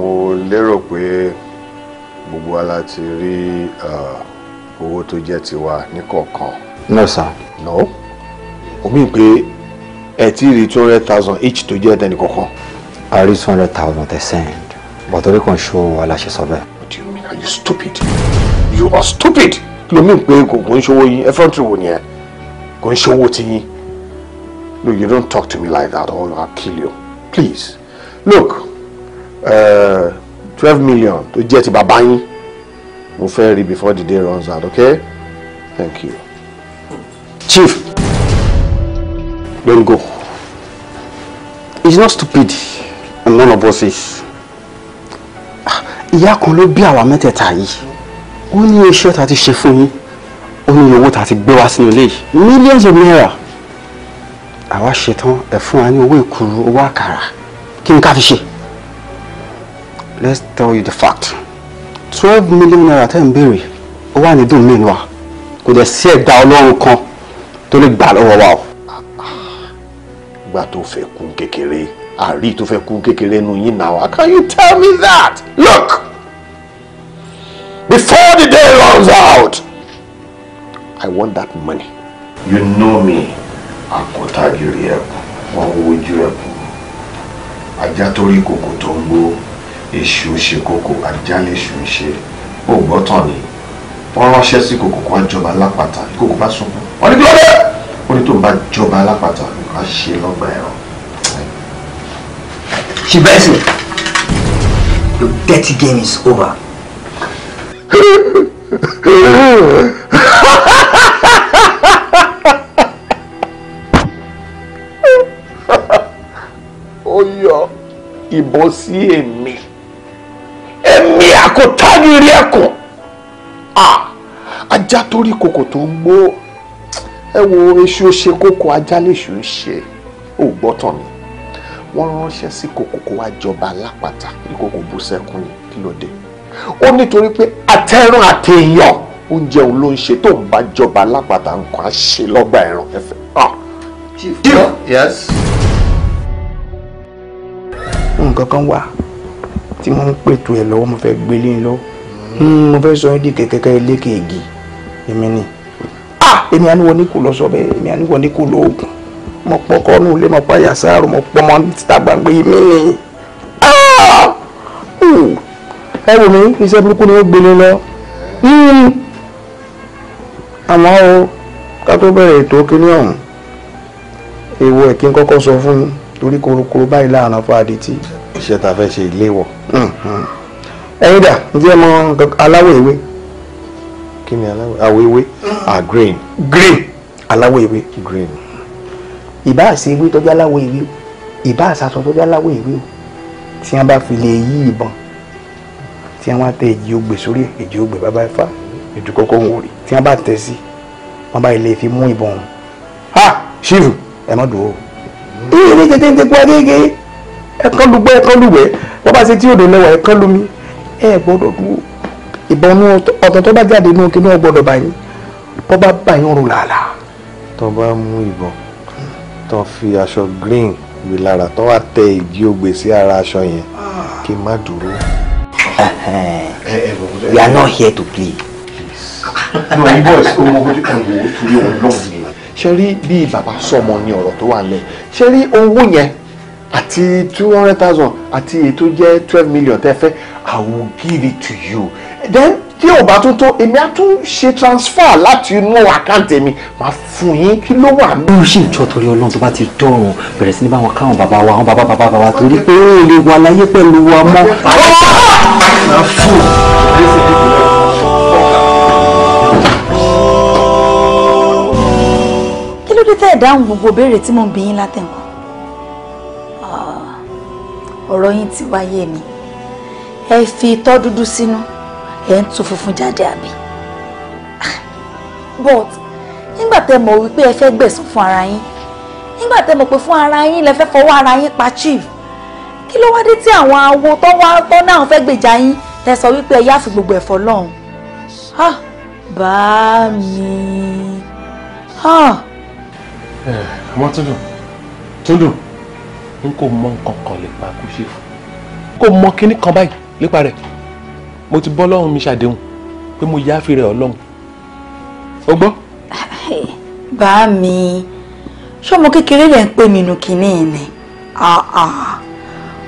mo lérò pé gbogbo wa ti rí owó tó jẹ́ tiwa níkọ̀ọ̀kan. no sir. no omi pé ẹ ti rí two hundred thousand each tó jẹ́ tẹnì kọ̀ọ̀kan. a rí two hundred thousand tẹ send but orí kan ṣó wa la ṣe sọ bẹ́ẹ̀. what do you mean are you stupid you are stupid kí ló mean pé kò ń ṣòwò yín ẹ fẹ́ràn tí wò nìyẹn kò ń ṣòwò tí yín no you don't talk to me like that or I'll kill you please look. Eh, twelve million tó jẹ́ ti bàbá yín mo fẹ́ rí before the day runs out okay thank you chief go. he's not stupid and none of us is ah, ìyá kan ló bí àwa mẹ́tẹ̀ẹ̀ta yìí ó ní iṣẹ́ tá a ti ṣe fún yín ó ní owó tá a ti gbé wá sínú ilé yìí millions of naira àwa ṣetán ẹ fún wa ní owó ìkúrú owó àkàrà kí ni ká fi ṣe let's tell you the fact twelve million naira ten ń béèrè ó wà ní dùn mí wa kò dẹ̀ sí ẹ̀dá ọlọ́run kan tó lè gbà lọ́wọ́ wa o. ìgbà tó fẹ́ kú kékeré àrí tó fẹ́ kú kékeré nu yín náà wá can you tell me that look before the day runs out I want that money. you know me àkọ́tàgìrì ẹ̀kún wọn wo ojú ẹ̀kún ajá torí kòkò tó ń gbó èṣù ṣe kókó àjálẹ̀ èṣù ń ṣe ó gbọ́ tán ni wọ́n ránṣẹ́ sí kòkò kan jọba lápáta kòkò bá sunkún wọ́n ní kí ló dé ó ní tó ń bá jọba lápáta á ṣe lọ́gbà ẹ̀rọ. ṣe bẹ́ẹ̀ sì your dirty game is over. ó yọ ìbọn sí èmi ẹ̀mí àkótágìrì ẹ̀kùn ajá torí kòkò tó ń gbó ẹ wo eṣu ṣe kókò ajá lèṣu ṣe ò gbọ́tàn mi wọ́n ránṣẹ́ sí kòkò kó wá jọba lápáta ìkòkò bú sẹ́kùn ni kí ló dé ó nítorí pé àtẹ̀rùn àtẹ̀yàn oúnjẹ òun ló ń ṣe tó ń bá jọba lápáta nǹkan á ṣe lọ́gbà ẹ̀ràn ẹ̀fẹ̀. chief yes. nǹkan kan wà tí wọ́n ń pètò ẹ̀ lọ́wọ́ mo fẹ́ gbé lé lọ hmm, mo fẹ́ sọ yín di kẹ̀kẹ́kẹ́ eléke ègì èmi ni ah èmi àníwọ̀ ní kò lọ sọ bẹ́ẹ̀ èmi àníwọ̀ ní kò lọ oògùn mo pọ́ kọ́nù ilé mo pa yàsáàrò mo pọ́ mọ́ níta gbàgbé mi ni ah! hmm. ẹ wò mí iṣẹ́ burúkú ni ó gbélé lọ hmm. àmọ́ o ká tó bẹ̀rẹ̀ ètò kíní ọ̀hún èèwọ̀ ẹ̀kí ń kọ́kọ́ sọ fún torí korokoro báyìí láàrin afọ àdìtì. iṣẹ́ ta fẹ́ ṣe ilé wọ̀ ẹ̀yin dà ǹjẹ́ mọ aláwọ̀ ewé kí ni aláwọ̀ àwọ̀ ewé ah green green aláwọ̀ ewé green ìbá àṣẹ ewé tọ́jú aláwọ̀ ewé ìbá àṣàṣọ tọ́jú aláwọ̀ ewé o tí wọ́n bá fi lè yí ìbọn tí wọ́n á tẹ èjì ogbè sórí èjì ogbè bàbá Ifá ìdúkọ́kọ́ wòrì tí wọ́n bá tẹ̀ sí wọ́n bá ilé fi mú ìbọn ha ṣífù ẹ̀ mọ́ dùn ó. ìyẹn ní tètè ń tẹ́kọ̀ọ́ adége ẹ̀kan lùgbọ́ ẹ̀kan lùwẹ̀ wọ́n bá ṣe tí òde lẹ́wà ẹ̀kan lómi ẹ̀ gbọ́dọ̀ dúró ìbọn ọ̀tọ̀ tó bá jáde inú kinú ọgbọ́dọ̀ báyìí bọ́ bá báyìí ń rò làálàá. tó bá mú ìbọn tó fi aṣọ green gbé lára tó wá tẹ ìdí ògbè sí ara aṣọ yẹn kí má dúró. we are not here to play. no you boys ọmọ ojú kan wò ó torí òun náà ṣe rí bí bàbá sọmọ ní ọ̀rọ̀ tó wà ń ṣe rí owó yẹn àti two hundred thousand àti èyí tó jẹ́ twelve million tẹ́ fẹ́ i will give it to you then tí ò bá tún tó èmi á tún ṣe transfer láti inú àkáǹtì mi máa fún yín kí ló wà. bí o ṣì ń jọ torí ọlọ́run tó bá ti dọ̀rùn bẹ̀rẹ̀ sí ní báwọn káwọn bàbá wa àwọn bàbá bàbá bàbá torí pé ó lè wà láyé pẹ̀lú wa mọ́. kí ló dé tẹ́ ẹ̀ dáhùn gbogbo béèrè tí mò ń bi yín látẹ̀kọ́ ọ̀rọ̀ yín ti wáyé ni ẹ fi itọ́ dúdú sínú ẹ ń tú funfun jáde àbí ah, but nígbà tẹ mọ̀ wípé ẹ fẹ́ gbẹ̀sùn fún ara yín nígbà tẹ mọ̀ pé fún ara yín lẹ fẹ́ fọwọ́ ara yín pa chief kí ló wá dé tí àwọn awo tó wá tó náà fẹ́ gbèjà yín tẹ sọ wípé ẹ yáàfin gbogbo ẹ̀fọ́ lọ́hùn bá mi. àmọ́ tó dùn tó dùn n kò mọ nǹkan kan lè pa kú ṣe fún kò mọ kinní kan báyìí lépa rẹ̀ mo ti bọ́ lọ́rùn mi ṣàdéhùn pé mo yááfì rẹ̀ ọlọ́run o gbọ́. bá mi ṣọmọ kékeré lè ń pè mí nu kinní yìí ni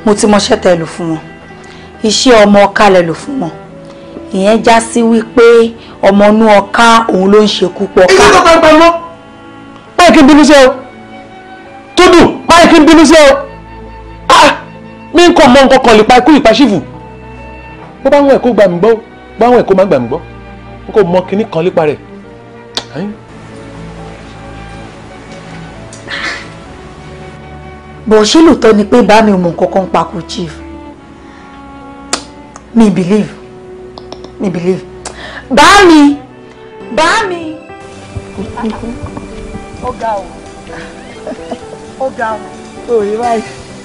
mo ti mọṣẹ́ tẹ lò fún wọn iṣẹ́ ọmọ ọ̀ka lẹ lò fún wọn ìyẹn já sí wípé ọmọ inú ọ̀ka òun ló ń ṣekú pọ̀ ká. èyí ló kọ́ ẹ pẹ̀lú báyìí kí n bínú sí ọ tó dùn páyì kí n bínú sí ẹ o ah, mi kò mọ nǹkan kan lè pa ikú ìpàṣífù bó bá wọn ẹ̀ kó gbà mí gbọ́ bó bá wọn ẹ̀ kó má gbà mí gbọ́ n kò mọ kinní kan lépa rẹ̀. bọ̀ ṣé lóòótọ́ ni pé bá mi mọ nǹkan kan pa kú chief mi believe me believe bá mi bá mi. ọ̀gá o ó ga o ò rí báyìí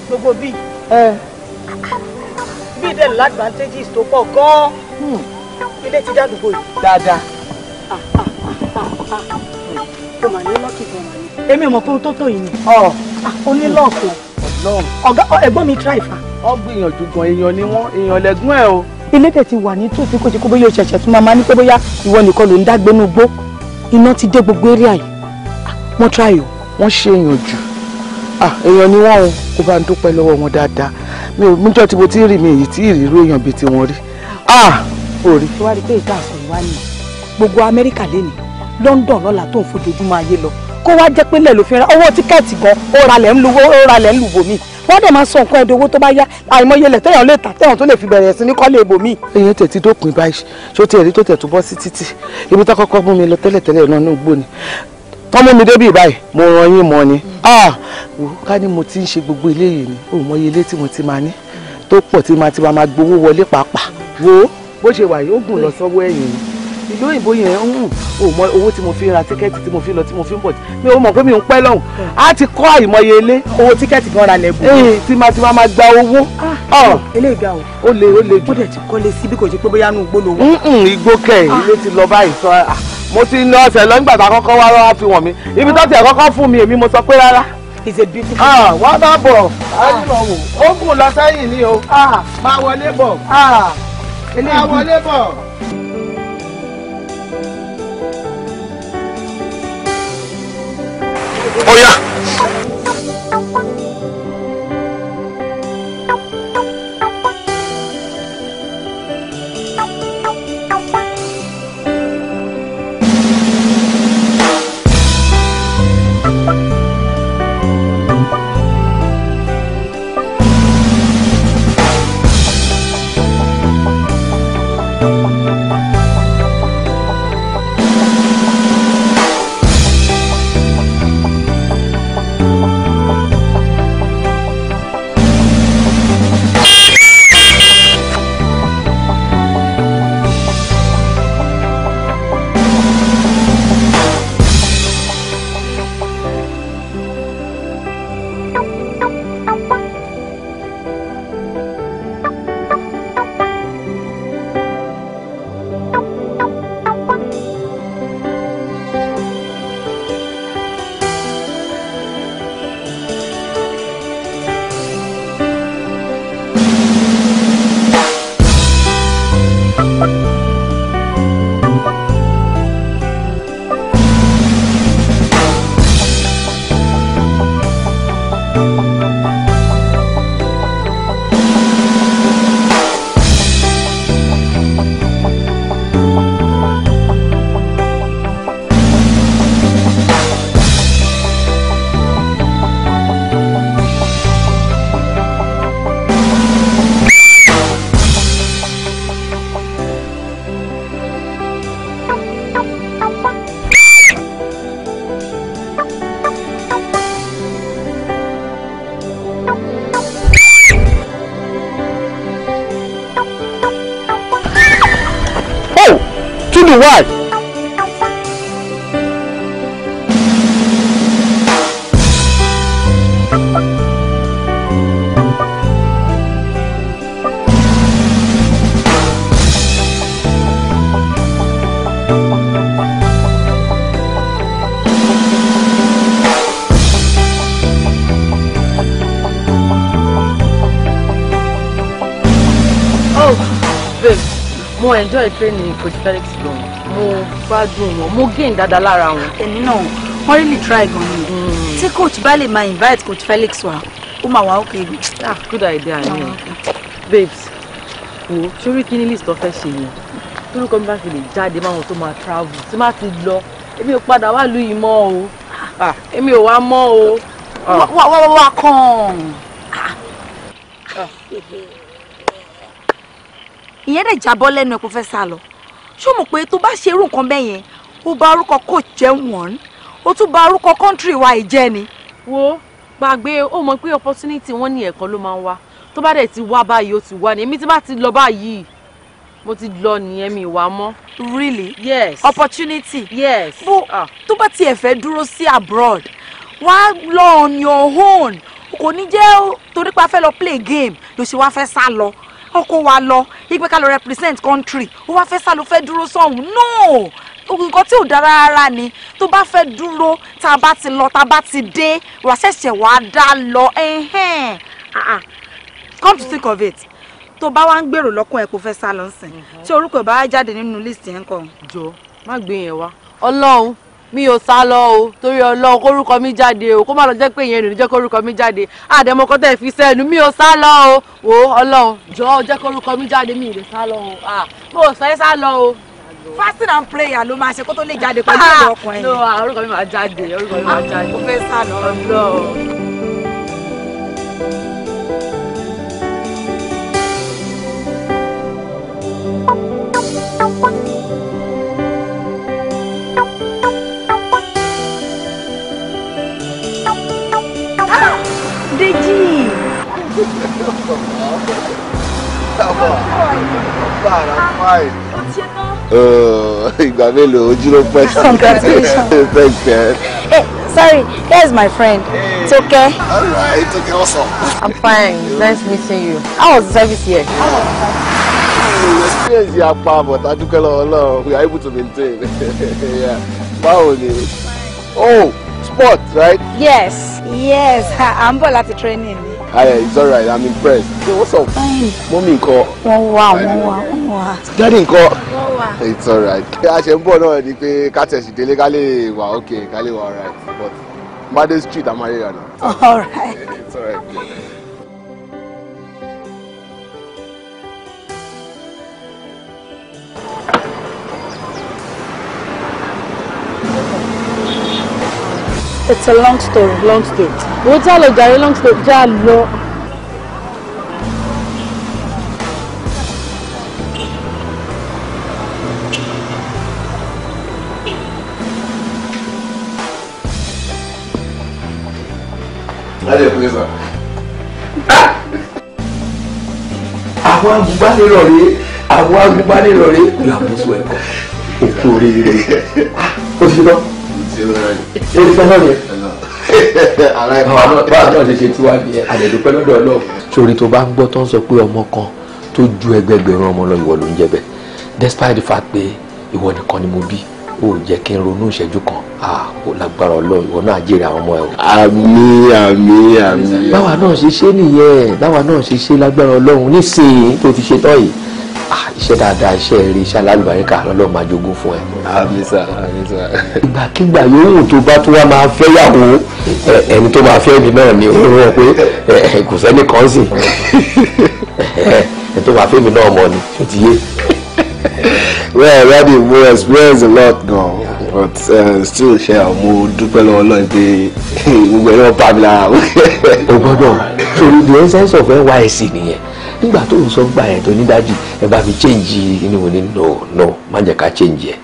gbogbo bíi bíi dẹ̀ ládvantages tó pọ̀ gan-an hmm. ilé ti dádùgbò yìí. dáadáa. o mà ní lọ́ọ̀kì gan-an. èmi ò mọ̀ pé o tó tó yìí ni. ọ o ní lọ́ọ̀kì. ọ̀gá ẹ̀gbọ́n mi tíra ìfà. wọ́n gbìyànjú gan èèyàn ni wọ́n èèyàn lẹ́gún ẹ̀ o. ilé tẹ̀ ti wà ní tòsí kò ṣe kó bóyá o ṣẹ̀ṣẹ̀ tún máa máa ní pé bóyá ìwọ nìkan ló ń dágbénú gbó iná ti dé gbogbo eré àyè ah, wọ́n tíra yìí wọ́n ṣe èèyàn Ah, èèyàn ni wọ́n o kó bá ń dúpẹ́ lọ́wọ́ wọn dáadáa mi ò mújọ́ tí mo ti rí mi èyí tí ìrírú èèyàn bíi tiwọn rí orí. Ah, tó wá rí pé ìta àsọ̀rọ̀ wá nìyẹn gbogbo amẹ́ríkà lénìí london lọ́la tó ń fojoojúmọ́ ayé lọ kó wá jẹ́ pé lẹ́lò fi ra owó tíkẹ́ẹ̀tì gan ó ralẹ̀ ń lu ó ralẹ̀ ń lu bòmí wọ́n dẹ̀ máa sọ nǹkan ẹ̀dọ̀ owó tó bá yá àìmọye lẹ̀ tẹ̀yàn lè tà tẹ̀yàn tó lè fi bẹ̀rẹ̀ sí ní kọ́lé ibòmí. eyín tètè dópin báyìí ṣó tiẹ̀ rí tó tẹ̀ tó bọ́ sí títì ibi tó kọ́kọ́ mú mi lọ tẹ́lẹ̀tẹ́lẹ̀ náà ní ògbóni tán mú mi débì báyìí mo ràn yín mọ́ ni mm. ah, wò ká ní mo ti ń ṣe gbogbo eléyìí ni ò mọ ilé tí mo ti máa ní tó pọ̀ tí ma ti máa máa gbowó wọlé pàápàá wo bó ṣe wà yìí ó gùn lọ sọ́wọ́ ẹ̀yìn ni ìlú òyìnbó yẹn ń hùn ò mọ owó tí mo fi ra tíkẹ́ẹ̀tì tí mo fi lọ tí mo fi ń bọ̀ mi ò mọ̀ pé mi ń pẹ́ lọ́hùn á ti kọ́ àìmọye ilé owó tíkẹ́ẹ̀tì kan ra lẹ́gùn ee tí ma ti máa máa gba owó. Ah, ah. eléyìí ga o ó le ó le jù. ó dẹ̀ ti kọ́lé síbi kò jẹ́ pé bóyá nù gbó lówó. igbó kẹ̀ ilé ti lọ báyìí sọ mo ti lọ ọsẹ lọ nígbà tá a wá lọ wá fi wọn mi ibi tó tiẹ̀ kọ́kọ́ fún mi èmi mo sọ pé rárá. is a beautiful. ah wá bá bọ̀ ájúmọ̀ wò ó kù lọ sẹ́yìn ni o ah. máa wọlé bọ̀ ah. máa wọlé bọ̀. ó yá. enjoy training coach Felix gan mo gbádùn wọn mo gain dáadáa lára wọn. èmi náà wọn really try gan ni mm. tí coach bá lè máa invite coach Felix wa ó máa wà ókè mi. ah good idea ni babes wo sórí kí ni list tó fẹ́ ṣe yẹn torúkọ mi bá fi lè jáde máwọn tó máa travel tí má ti lọ èmi ò padà wá lu ìmọ̀ o ah, èmi ò wá mọ́ o. wá wá wá kàn án ìyẹn dẹ̀ jábọ́ lẹ́nu ẹ̀ kó fẹ́ sá lọ ṣó mọ̀ pé tó bá ṣe irú nǹkan bẹ́ẹ̀ yẹn ó bà orúkọ coach jẹ́ wọ́n ó tún bà orúkọ country wa yìí jẹ́ ni. wo gbàgbé ó mọ̀ pé opportunity wọn ní ẹ̀kọ́ ló máa ń wá tó bá dẹ̀ ti wá báyìí ó ti wá ni èmi tí bá ti lọ báyìí mo ti lọ nìyẹn mi wá mọ́. really yes opportunity yes bó ah. tó bá tiẹ̀ fẹ́ dúró sí abroad wá lọ on your own kò ní jẹ́ torípa fẹ́ lọ play game ló ṣe wá fẹ́ sá lọ kọ́kọ́ kó wa lọ ipe ká lọ represent country ó wá fẹ́ sá ló fẹ́ dúró sọ́hùn no nǹkan tí ò dára rárá ni tó bá fẹ́ dúró tá a bá ti lọ tá a bá ti dé wà ṣẹ̀ṣẹ̀ wà á dá lọ ẹ̀hẹ́n ah, ah. come to think of it tó bá wá ń gbèrò lọ́kùn ẹ̀ kó fẹ́ sá lọ mhm. tí orúkọ ìbára jáde nínú list yẹn kọ́. jọ má gbé yẹn wá ọlọ́run mi ò sá lọ o torí Ọlọ́run kórúkọ mi jáde o kó má lọ jẹ́ pé ìyẹn ènìyàn jẹ́ kórúkọ mi jáde àdèmọkọ fi sẹ́nu mi ò sá lọ o wò Ọlọ́run jọ̀ọ́ jẹ́ kórúkọ mi jáde mi ì lè sá lọ o mo ò sáré sá lọ o. fasting and prayer ló máa ṣe kó tó lè jáde pẹ̀lú ìwọ ah, ọkùnrin. no ah, orúkọ mi máa jáde orúkọ mi máa jáde. mo fẹ́ sá lọ Ọlọ́run. Thank you. Oh, ìgbà mélòó ojú ló pẹ́ sí congratulations hey sorry here's my friend hey. Toke all right Toke awesome I'm fine nice meeting you how was the service here. Oh. experience yà pa but adúpẹ́ lọ́wọ́ Ọlọ́run we are able to maintain báwo ni oh sport right. yes yes à ń bọ̀ láti training ni. Hi, it's alright, I'm impressed. Hey, what's up? Fine. Mommy ńkọ́? Wọ́n wow, wọ́n wow, wọ́n wà. Daddy ńkọ́? Wọ́n wà. It's alright. A ṣe ń bọ̀ náà ni pé ká tẹ̀sí délé ká lè okay, ká lè wà alright. But Made Street, I'm already on. Alright. It's alright. it's a long story long story wo tí a lọ jàre long story jẹ́ à lọ. Ah! àwọn agùnbánirọ̀ rèé àwọn agùnbánirọ̀ rèé làwọn sọ ẹ̀kọ́ òkú oríire ah! ó ti lọ ṣe ti sẹ́nà yẹn ara ẹ̀ bá a náà ṣe ṣe tiwa ni àdẹ̀dùpẹ́ lọ́dọ̀ ọlọ́run. sórí tó bá ń gbọ́ tó ń sọ pé ọmọ kan tó ju ẹgbẹgbẹ̀rún ọmọ lọ ìwọ ló ń jẹ bẹ́ẹ̀ despite the fact pé ìwọ nìkan ni mo bí ó jẹ́ kí n ronú ìṣẹ́jú kan ó lágbára ọlọ́run ìwọ náà jèrè àwọn ọmọ ẹ o. àmín àmín àmín. báwa náà ṣe ṣe nìyẹn báwa náà ṣe ṣe lágbára ọlọ́run nísìnyí tó fi ṣe tán yìí Ah, iṣẹ́ dáadáa iṣẹ́ eré iṣẹ́ alálùbáríkà lọ́lọ́run máa jogún fún ẹ. àmín sà ìgbàkigbà yòówù tó bá tún wá máa fẹ́ yàwó ẹni tó máa fẹ́ mi náà ni ó rọ pé kò sẹ́ni kan sì ẹni tó máa fẹ́ mi náà mọ̀ ni ó ti yé. well ready mo experience a lot gan but still ṣe mo dúpẹ́ lọ́wọ́ náà pé gbogbo ẹ̀rọ bá mi torí the essence of nysc nìyẹn nígbà tó ń sọ gbà yẹn tó ní dájú ẹ bá fi change inú wọn ni no no má jẹ́ ká change yẹn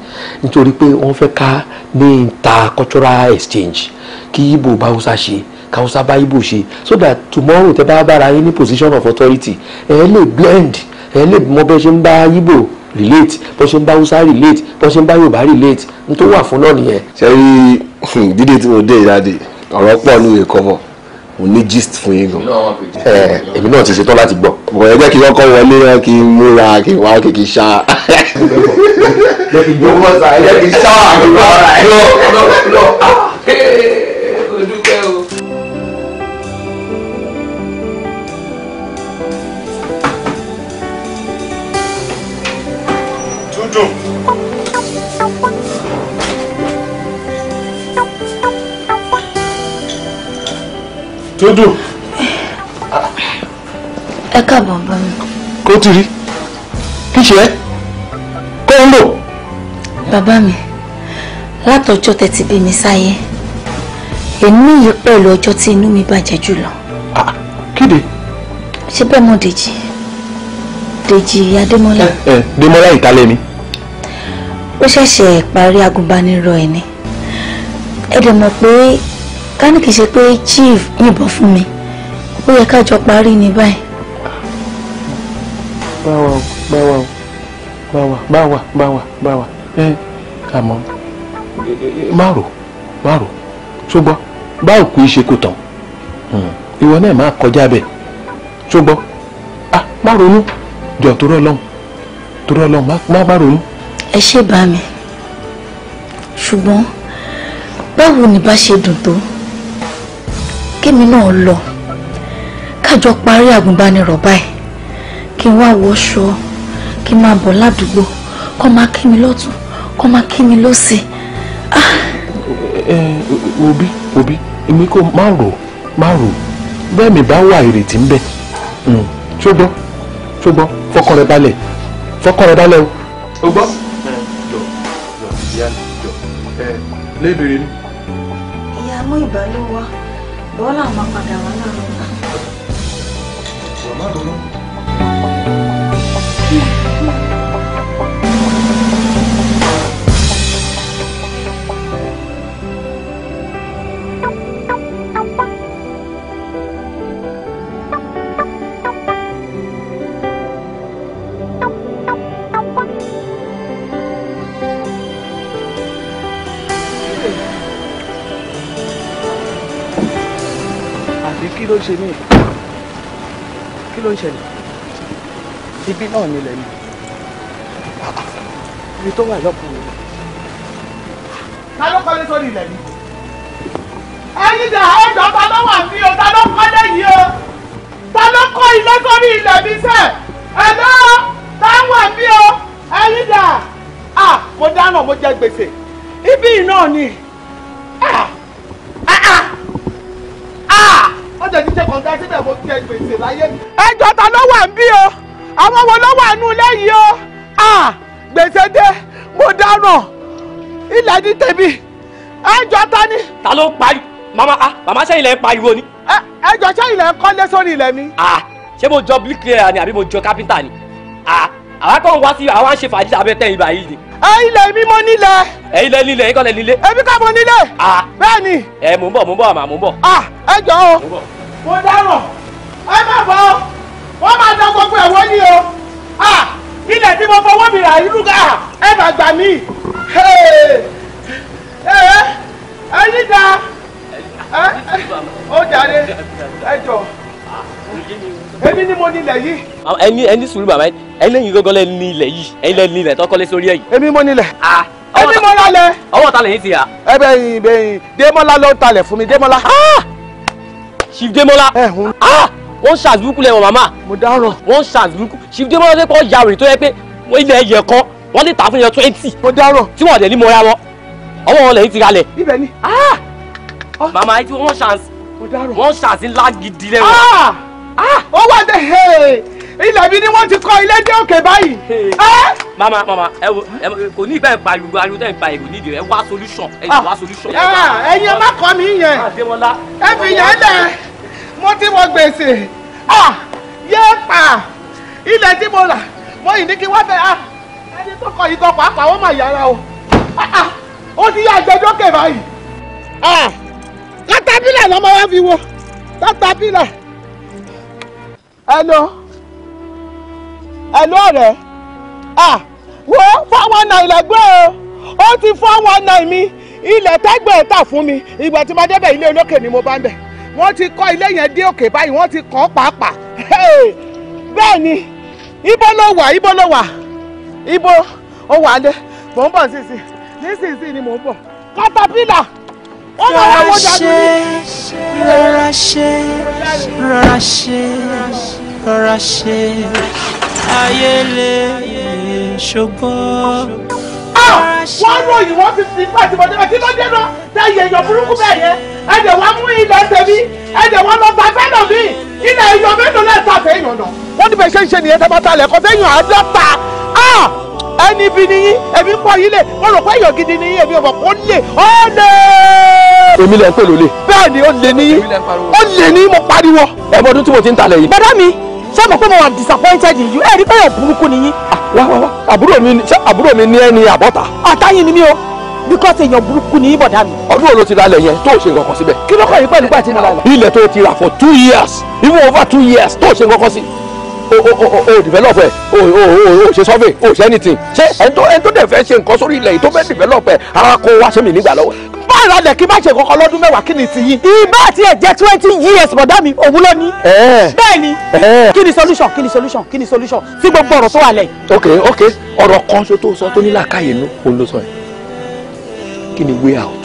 nítorí pé wọ́n fẹ́ ká ní intercultural exchange kí ibo bá Hausa ṣe káwọ́sá bá ibo ṣe so that tomorrow tẹ bá bára yín ní position of authority ẹ lè blend ẹ lè mọ bẹ́ẹ̀ ṣe ń bá ibo relate bó ṣe ń bá Hausa relate bó ṣe ń bá Yorùbá relate n tó wà fún náà nìyẹn. ṣe rí hmm, dídé tí mo dé ìdáde ọ̀rọ̀ pọ̀ ní ìkọ́mọ̀ mo ní gist fún yín gan èmi náà ti ṣetán láti gbọ́ ọ̀pọ̀ ẹgbẹ́ kí wọ́n kọ́ wọlé rẹ kí n múra kí n wá kí n ṣá. jẹ́ kí jẹ́ kí n ṣá àgbà rẹ̀. tó dùn. ẹ káàbọ̀ bá mi. kó tì rí kí ṣe é kó ń lò. bàbá mi látọjọ́ tẹ́ ti bí mi sáyé èmi yìí pẹ̀lú ọjọ́ tí inú mi bàjẹ́ jùlọ. kéde. ṣé bẹ́ẹ̀ mọ̀ dèjì dèjì adémọ́lá. ẹ ẹ démọ́lá ìtàlẹ́ mi. ó ṣẹ̀ṣẹ̀ parí agùnbánirọ̀ ẹ̀ ni ẹ dẹ̀ mọ̀ pé ká ní kì í ṣe pé chief yìnbọn fún mi ó yẹ ká jọ parí ní báyìí. báwa o báwa o báwa báwa báwa báwa ẹ àmọ́ má rò má rò ṣùgbọ́n báwo kì í ṣe kó tán hmm, ìwọ náà máa kọjá bẹ́ẹ̀ ṣùgbọ́n ah má ronú jọ torí Ọlọ́run torí Ọlọ́run má má ronú. ẹ ṣe bá mi ṣùgbọ́n báwo ni bá ṣe dùn tó kémi náà lọ kájọ parí àgùnbánirọ̀ báyìí kí n wá wọṣọ kí n máa bọ̀ ládùúgbò kọ́ máa kí mi lọ́tún kọ́ máa kí mi lọ́sì. Ah. òbí òbí èmi kò má rò má rò bẹ́ẹ̀ mi bá wà ìrètí ń bẹ̀ hmm, ṣùgbọ́n ṣùgbọ́n fọkàn rẹ balẹ̀ fọkàn rẹ balẹ̀ o. o gbọ́ jọ jọ ìyá jọ ẹ lébèrè ni. ìyá mú ìbálòwọ́ bọ́lá máa padà wá láàárọ̀. ọ̀rọ̀ má ronú. kí ló ń ṣe mí kí ló ń ṣẹlẹ̀ ibi náà nílẹ̀ ni ibi tó wà lọ́kùnrin mi. ta ló kọ́lé sórí ilẹ̀ mi. ẹni dà ẹjọ́ ta ló wà mí o ta ló kọ́lé yìí o ta ló kọ́ ilé sórí ilẹ̀ mi sẹ́ ẹ̀dá ta wà mí o ẹni dà mo dáná mo jẹ gbèsè ibi náà ni. Ah! jẹ́ jíjẹ́ kọ̀ǹda síbẹ̀ mo jẹ gbèsè láyé. ẹ jọta ló wà ń bí o àwọn wo ló wà nù lẹ́yìn o gbèsè dé mo dáràn ilẹ̀ ní tèmi ẹ jọta ni. ta ló parí mama ah mama sẹ́yìn lẹ́ pariwo ni. ẹ ẹ jọ sẹ́yìn lẹ́ kọ́lé sórí ilẹ̀ mi. ṣé mo jọ bíríkìlẹ̀ ni àbí mo jọ kápẹ́ńtà ni àwa kàn wá sí àwa ṣe fàájì abẹ́ tẹ̀yìn báyìí ni. ẹ ilẹ̀ mi mo nílẹ̀. ẹ ilẹ̀ nílẹ̀ ẹ kọ́lẹ̀ nílẹ̀. èmi kọ́ mo nílẹ̀. bẹ́ẹ̀ ni. ẹ mò ń bọ̀ mò ń bọ̀ àmà mò ń bọ̀. ẹ jọ̀ọ́. mò ń bọ̀ mo dáràn ẹ má bọ̀ wọ́n máa dán gbogbo ẹ̀wọ́ ni o ilẹ̀ tí mo fọwọ́ mi rà irú ká ẹ má gbà mí ẹni da ó jáde ẹ jọ èmi ni mo ní ilẹ̀ yìí. ẹni ẹni sùúrù bàbá ẹni lẹ́yìn gángan lẹ́ni ní ilẹ̀ yìí ẹni lẹ́ni ní ilẹ̀ tọ́kọ́lé sórí ẹ̀yìn. èmi mo nílẹ̀. èmi mo lálẹ̀. ọwọ́ ta lẹ́yìn ti yà. ẹ bẹ́yìn bẹ́yìn Démọ́lá ló ń talẹ̀ fún mi Démọ́lá. Ah! Chief Demola eh, ah! wọ́n ṣàzùkú lẹ́wọ̀n màmá wọ́n ṣàzùkú Chief Demola ṣe pọ̀ yàwèrè tó yẹ pé ilẹ̀ ẹ̀yẹ kan wọ́n lè tà fún yẹn twenty tí wọ́n dẹ̀ ní mọ́ra wọn ọwọ́ wọn lẹ́yìn ti ralẹ̀. ibẹ̀ ni. Ah! Ah! màmá ẹ ti wọ́n ṣàǹsì wọ́n ṣàǹsì ńlá gidi lẹ́wọ̀n. ó wà dé ilẹ̀ mi ni wọ́n ti kọ́ ilé dé òkè báyìí. mama mama ẹ wo kò ní ìbá ẹ pariwo ariwo tẹ ẹ pa èrò nídìí ẹ wá solution ẹ wá ah. solution. ẹyin ọmọ kọ mi yẹn ẹ fi yẹn lẹ mo ti wọ gbèsè ah, yé pa ilẹ̀ tí mo rà mo yìí ní kí wọ́n bẹ̀ ah, ẹni tó kọ ìgò pàápàá wọ́n mà yára o ó ti yá àgbẹ̀dọ́kẹ̀ báyìí. látàbílà lọ́mọ wa fi wo látàbílà ẹ lọ ẹ̀lú ọ̀rẹ́ à ah, wo four one nine o ó ti four one mi ilẹ̀ tẹ́gbẹ̀ẹ́ tà fún mi ìgbà tí mo débẹ̀ ilé olókè ni mo bá ń bẹ̀ wọ́n ti kọ́ ilé yẹn dé òkè báyìí wọ́n ti kọ́ pàápàá bẹ́ẹ̀ ni ibo ló wà ibo ló wà ibo ó wà lé mò ń bọ̀ sísìn nísinsìnyí ni mò ń bọ̀ katapila ó máa wá wọ́n jáde ní. rọra ṣe rọra ṣe rọra ṣe rọra ṣe ayé lè ṣògbọ́n. Ah, wọ́n ròyìn wọ́n fi sí pàtí bọ́dẹ́bà kí ló dé lọ dá yẹ̀yọ̀ burúkú bẹ́ẹ̀ yẹn ẹ̀jẹ̀ wá mú ilẹ̀ tẹ̀mí ẹ̀jẹ̀ wá lọ gba fẹ́ náà mi ilẹ̀ ẹ̀yọ̀ mélòó lẹ́ẹ̀ sá fẹ́yàn náà. wọ́n ní bẹ́ẹ̀ ṣe ń ṣe nìyẹn tẹ́fọ́tà lẹ́kọ́ fẹ́yàn àádọ́ta ah, ẹni bí ni yín èmi ń pọ̀ yín lè wọ́n rò pé èèyàn gidi ni yín èmi ọ̀bọ̀ kò lè ó lè. èmi lẹ ń pè lólè. bẹ́ẹ̀ ni ó lè ní yín ó lè ní mo pariwo. ẹ̀bọ̀dún tí mo ti ń talẹ̀ yìí. bàdá mi ṣé mo pé mo wà disappointed in you ẹ rí bẹ́ẹ̀ burúkú ni yín. Ah, wá wá wá àbúrò mi ṣé àbúrò mi ní ẹni àbọ̀tà. àtàyìn ni mí o because èèyàn burúkú ni ìbọ̀dá mi. ọdún wo ló ti ralẹ̀ yẹn tó o ṣe nǹkan kan síbẹ̀. kí ló kọ̀ yín pẹ̀lú gbà tí mo ralẹ̀. ilẹ̀ tó o ti rà for two years even over two years tó o ṣe nǹkan kan sí i o o o develop ẹ o o o o ṣe survey o ṣe anything ṣe ẹni tó ẹni tó dẹ̀ fẹ́ ṣe nǹkan sórí ilẹ̀ yìí tó fẹ́ develop ẹ ara kó wá sẹ́mi nígbà lọ́wọ́. báyìí la dẹ̀ kí bá ṣe kọ́kọ́ lọ́dún mẹ́wàá kí ni ti yín. ìbá àti ẹ̀jẹ̀ twenty years bọ̀dá mi òun ló ní. bẹ́ẹ̀ ni kí ni solution kí ni solution kí ni solution sí gbogbo ọ̀rọ̀ tó wà lẹ̀. ok ok ọ̀rọ̀ kan ṣo tó sọ tó ní làákàyè nú òun ló sọ yẹn kí ni way out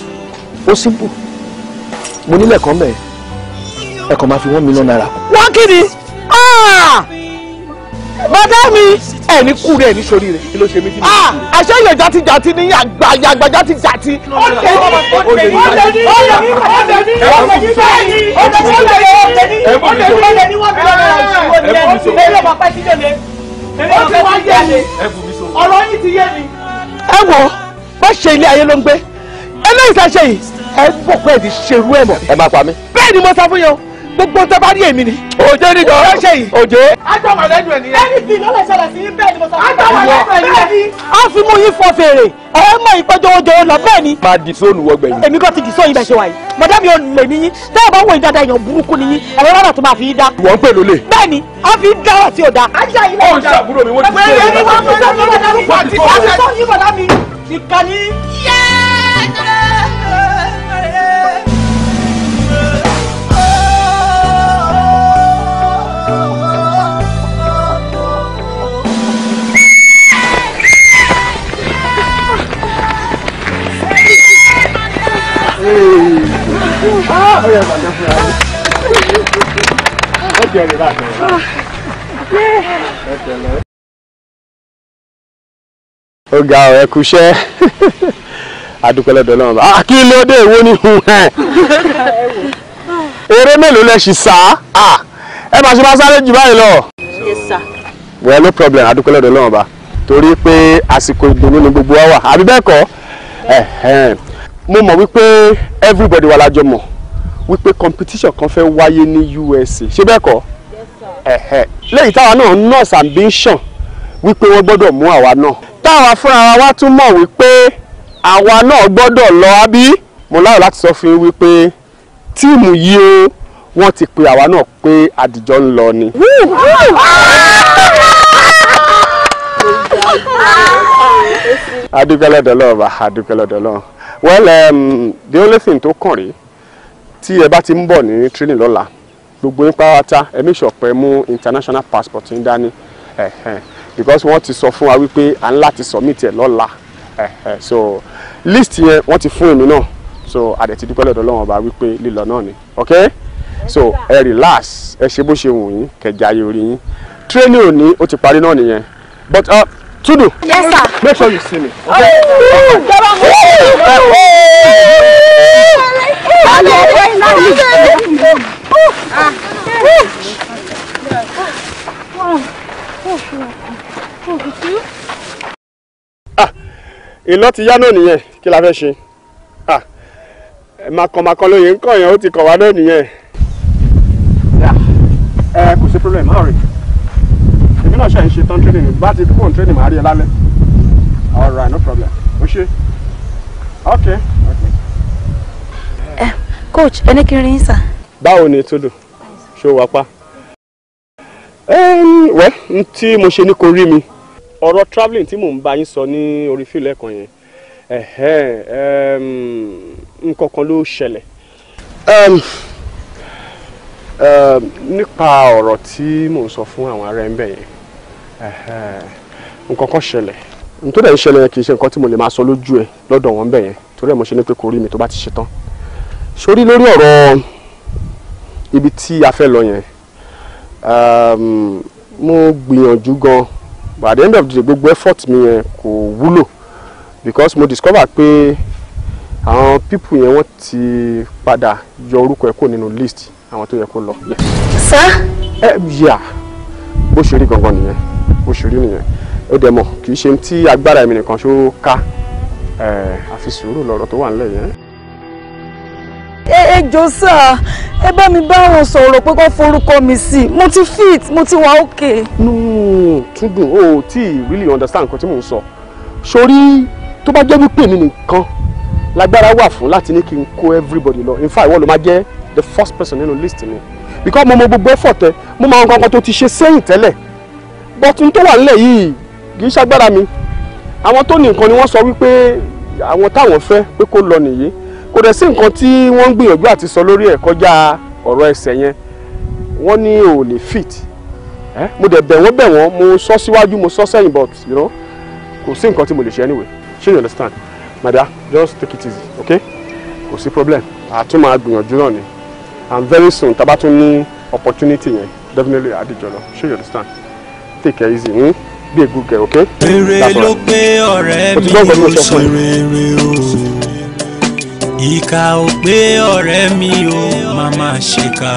ó simple mo nílẹ̀ kan bẹ́ẹ̀ ẹ kàn máa fi one million naira. wọ́n kí ni. Ah! bàbá mi ẹni kú rẹ ní sori rẹ kí ló ṣe mí kí ló ṣe mí. àṣẹ yẹn jati jati ní àgbàyàgbà jati jati. ọ̀sẹ̀ ní ọ̀sẹ̀ ní ọ̀sẹ̀ ní ọ̀sẹ̀ ní ọ̀sẹ̀ ní ọ̀sẹ̀ ní ọ̀sẹ̀ ní ọ̀sẹ̀ ní wọ́n fi lọ́wọ́ ìṣòwò ní ẹ̀ ẹ̀ lọ́wọ́ pẹ́ sí lónìí. ọ̀sẹ̀ wá yé mi ọ̀rọ̀ yìí ti yé mi. ẹ wọ bá ṣe ilé ayé ló ń gbé eléyìí tá a ṣe yìí ẹ bọ̀ pẹ́ẹ́ di ṣerú ẹ̀ mọ̀. ẹ má pa mí. bẹ́ẹ̀ ni mo sọ fún yẹn o gbogbo tó bá rí èmi ni. òjé níjọ ọlọ́ṣẹ́ yìí. òjé. ajọ wà lẹ́nu ẹ̀ nìyẹn. ẹni tí lọ́lẹ̀ ṣẹlẹ̀ sí bẹ́ẹ̀ ni mo sọ fún mi. ajọ wà lẹ́nu ẹ̀ nìyẹn. a fi mú yín fọ fèrè ẹ mọ ìpẹjọ ojo lọ bẹ́ẹ̀ ni. máa di sóònù wọgbẹ yìí. èmi kò ti di sóònù ibẹ̀ ṣe wáyé mọ̀dá mi ò lè ní yín tẹ́ ẹ bá wòye dáadáa èèyàn burúkú ni yín ẹ̀rọ rárá tó máa fi dá. wọ́n ń pè lólè. bẹ́ẹ̀ ni a fi dá ọ̀rọ̀ tí ò dá. ajá ilé ọ̀dà. ó ń ṣàbúrò mi wọ́n ti sọ èyí. ẹni wọ́n mú sọ́ọ́ yín bọ̀dá mi. ìkànnì. yẹ́ẹ́ ọ̀gá ọ̀rẹ́ kúṣẹ́ adúpẹ́ lọ́dọ̀ náà bá a kí ló dé èwo ni hùn ẹ̀ eré mélòó lẹ ṣì sá ah, ẹ máa ṣe máa sáré jù báyìí lọ. well no problem adúpẹ́ lọ́dọ̀ náà bá torí pé àsìkò ìdùnnú ni gbogbo wa wà àbí bẹ́ẹ̀ kọ́ mo mọ̀ wípé everybody wà lájọ mọ̀ wípé competition kan fẹ́ wáyé ní USA ṣé bẹ́ẹ̀ kọ́ lẹ́yìn táwa náà nurse ambition wípé wọ́n gbọ́dọ̀ mú àwa náà táwa fúnra wa tún mọ̀ wípé àwa náà gbọ́dọ̀ lọ àbí mo láyọ̀ láti sọ fún yín wípé tíìmù yìí o wọ́n ti pe àwa náà pé àdìjọ ń lọ ni. adúgbẹ́lẹ́dọ̀lọ́ ọba adúgbẹ́lẹ́dọ̀lọ́ well um, the only thing to kàn rèé tí ẹ bá ti ń bọ̀ ní training lola, gbogbo yín pátá ẹ make sure pé mú international passport yín dání because wọ́n ti sọ fún wa wípé à ń láti submit ẹ̀ lọ́la so list yẹn wọ́n ti fún èmi náà so àdẹ̀ ti dúpẹ́ lọ́dọ̀ Ọlọ́run ọba wípé lílọ náà ni ok so ẹ relax ẹ ṣe bó ṣe wù yín kẹjà ayé yín training òní ó ti parí náà nìyẹn but uh, Tudu. Yes, sir. Make sure you see me. Okay. Ah, ìlọ ti yá náà nìyẹn kí la fẹ́ ṣe ah màkànmàkàn lóye ń kọ̀ yẹn ó ti kọ̀ wá náà nìyẹn. Ah, ẹ kò sí problem má rí i. èmi náà ṣe ń ṣe tán training bá ti kúrò training màá rí ẹ lálẹ́ all right no problem ó ṣe ok. Eh, ẹ coach ẹni kí n ni tódò ṣó wá pa wẹ́ n tí mo ṣe ní kò rí mi ọ̀rọ̀ traveling tí mò ń bá yín sọ ní orí fíìlì ẹ̀kan yẹn nǹkan kan ló ṣẹlẹ̀ Ehm, nípa ọ̀rọ̀ tí mò ń sọ fún àwọn ará ẹ̀ńbẹ̀ yẹn nǹkan kan ṣẹlẹ̀ nítorí ẹ̀ ń ṣẹlẹ̀ yẹn kì í ṣe nǹkan tí mo lè máa sọ lójú ẹ̀ lọ́dọ̀ wọn bẹ̀ yẹn torí ẹ̀ mo ṣe ní pé kò rí mi tó bá ti ṣe tán sórí lórí ọ̀rọ̀ ibi tí a fẹ́ lọ yẹn ehm, mo gbìyànjú gan but at the end of the day gbogbo effort mi yẹn kò wúlò because mo discover pé àwọn people yẹn wọ́n ti padà yọ orúkọ ẹ̀ kó nínú list àwọn tó yẹ kó lọ. sá. ẹ yà bó ṣe rí gangan nìyẹn bó ṣe rí nìyẹn ó dẹ̀ mọ̀ kì í ṣe ti agbára ẹ̀mí nìkan ṣó ká àfi eh, sùúrù lọ́rọ̀ tó wà nílẹ̀ yẹn. ẹ eh, eh, jọ̀ọ́ sà ẹ bá mi bá wọn sọ̀rọ̀ pé kó forúkọ mi sí mo ti fit mo ti wà okay. nù túndùn o tí really understand nǹkan tí mò ń sọ sórí tó bá jẹ́ wípé mi nìkan lágbára wà fún láti ní kí n kó everybody lọ in fact ìwọ ló máa jẹ́ the first person nínú list mi because mo mọ gbogbo effort ẹ mo máa ń kankan tó ti ṣe sẹ́yìn tẹ́lẹ̀ but n tó wà nílẹ̀ yìí kì í ṣagbára mi àwọn tó ní nǹkan ni wọ́n sọ wípé àwọn táwọn fẹ́ pé kó lọ nìyí kò dẹ̀ sí nǹkan tí wọ́n ń gbìyànjú àti sọ lórí ẹ̀ kọjá ọ̀rọ̀ ẹsẹ̀ yẹn wọ́n ní ò lè fit mo dẹ̀ bẹ̀ wọ́n bẹ̀ wọ́n mo sọ síwájú mo sọ sẹ́yìn but you know kò sí nǹkan tí mo lè ṣe anyway She understand madam just take it easy okay kò sí problem àtúmọ̀ àgbìyànjú náà ni and very soon tá a bá opportunity yẹn definitely àdìjọ lọ ṣé you understand take care easy hmm? be a good girl okay. rere ló pé you, mi ò ṣe ò pé ọ̀rẹ́ mi ò máa máa ṣèkà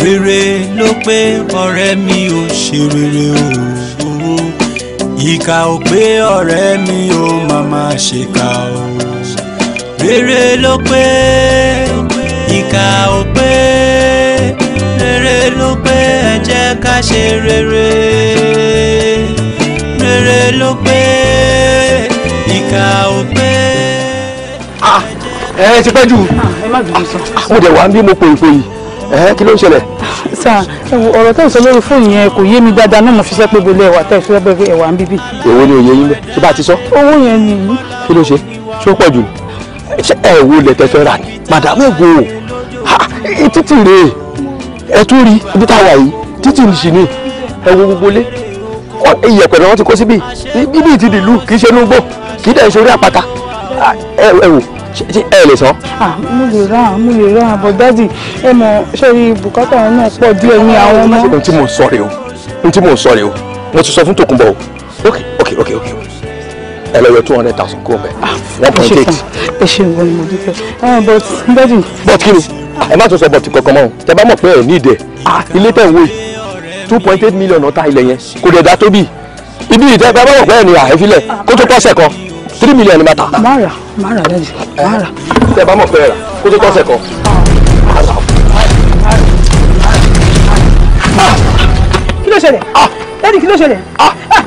rere ló pé ọ̀rẹ́ mi ò ṣe rere o ìkà ò pé ọ̀rẹ́ mi ò máa máa ṣèkà rere ló pé ìkà ò pé rere ló pé ẹ jẹ́ ká ṣe rere rere ló pé ìkà ò pé. ẹ ti pẹ́ jù ó ah, ah, dẹ̀ wá ń bí mo pòyì pòyì kí ló ń ṣẹlẹ̀. sà ọ̀rọ̀ tẹ́ ò sọ lórí fóònù yẹn kò yé mi dáadáa náà mo fi ṣẹ́ pé gbogbo ẹ̀wà tẹ́ ò fi ṣẹ́ pé ẹ̀wà ń bíbí. èwo ni òye yín bẹ́ẹ̀ bá a ti sọ. owó yẹn ni. kí ló ṣe ṣé pọ̀ jù ṣé ẹ wo lẹ tẹ fẹ́ rà ni madam ẹ wo títì rè ẹ tún rí ibi tá a wà yìí títì sì ni ẹ wo gbogbo lé iyẹ̀pẹ̀ náà wọ́n ti kó síbí bíbí ti dìlú kì í ṣe inú gbó kì í dẹ̀ ṣe orí àpáta ẹ wò ẹ lè sọ. Ah, mo lè ra mo lè ra but daddy ẹ mọ sẹ́rí bùkátà wọn náà pọ̀ díẹ̀ ní àwọn ọmọ. ohun tí mo sọ rèé o ohun tí mo sọ rèé o mo ti sọ fún Tòkunbọ̀ o ok ok ok ok ẹlẹ́yẹ two hundred thousand kó bẹ̀ ah, one point eight. ẹ ṣe ìwọ ni mo dúpẹ́ but bẹ́ẹ̀ni. but kí ni ah. ẹ má tún sọ bọ̀tì kankan mọ́ o tẹ bá mọ̀ pé ẹ ní ìdẹ ah, ilé tẹ̀ ń wé two point eight million ọ̀tá ilẹ̀ yẹn kò dẹ̀ dá tó bí ibi ìtẹ́ bá mọ̀ pé ẹ ní àhẹ́fílẹ̀ kó tó pọ̀ sẹ̀kan three million ni ma ta. má rà má rà lẹ́yìn má rà. tẹ bá mọ̀ pé ẹ rà kó tó pọ̀ sẹ̀kan. kí ló ṣẹlẹ̀ lẹ́yìn kí ló ṣẹlẹ̀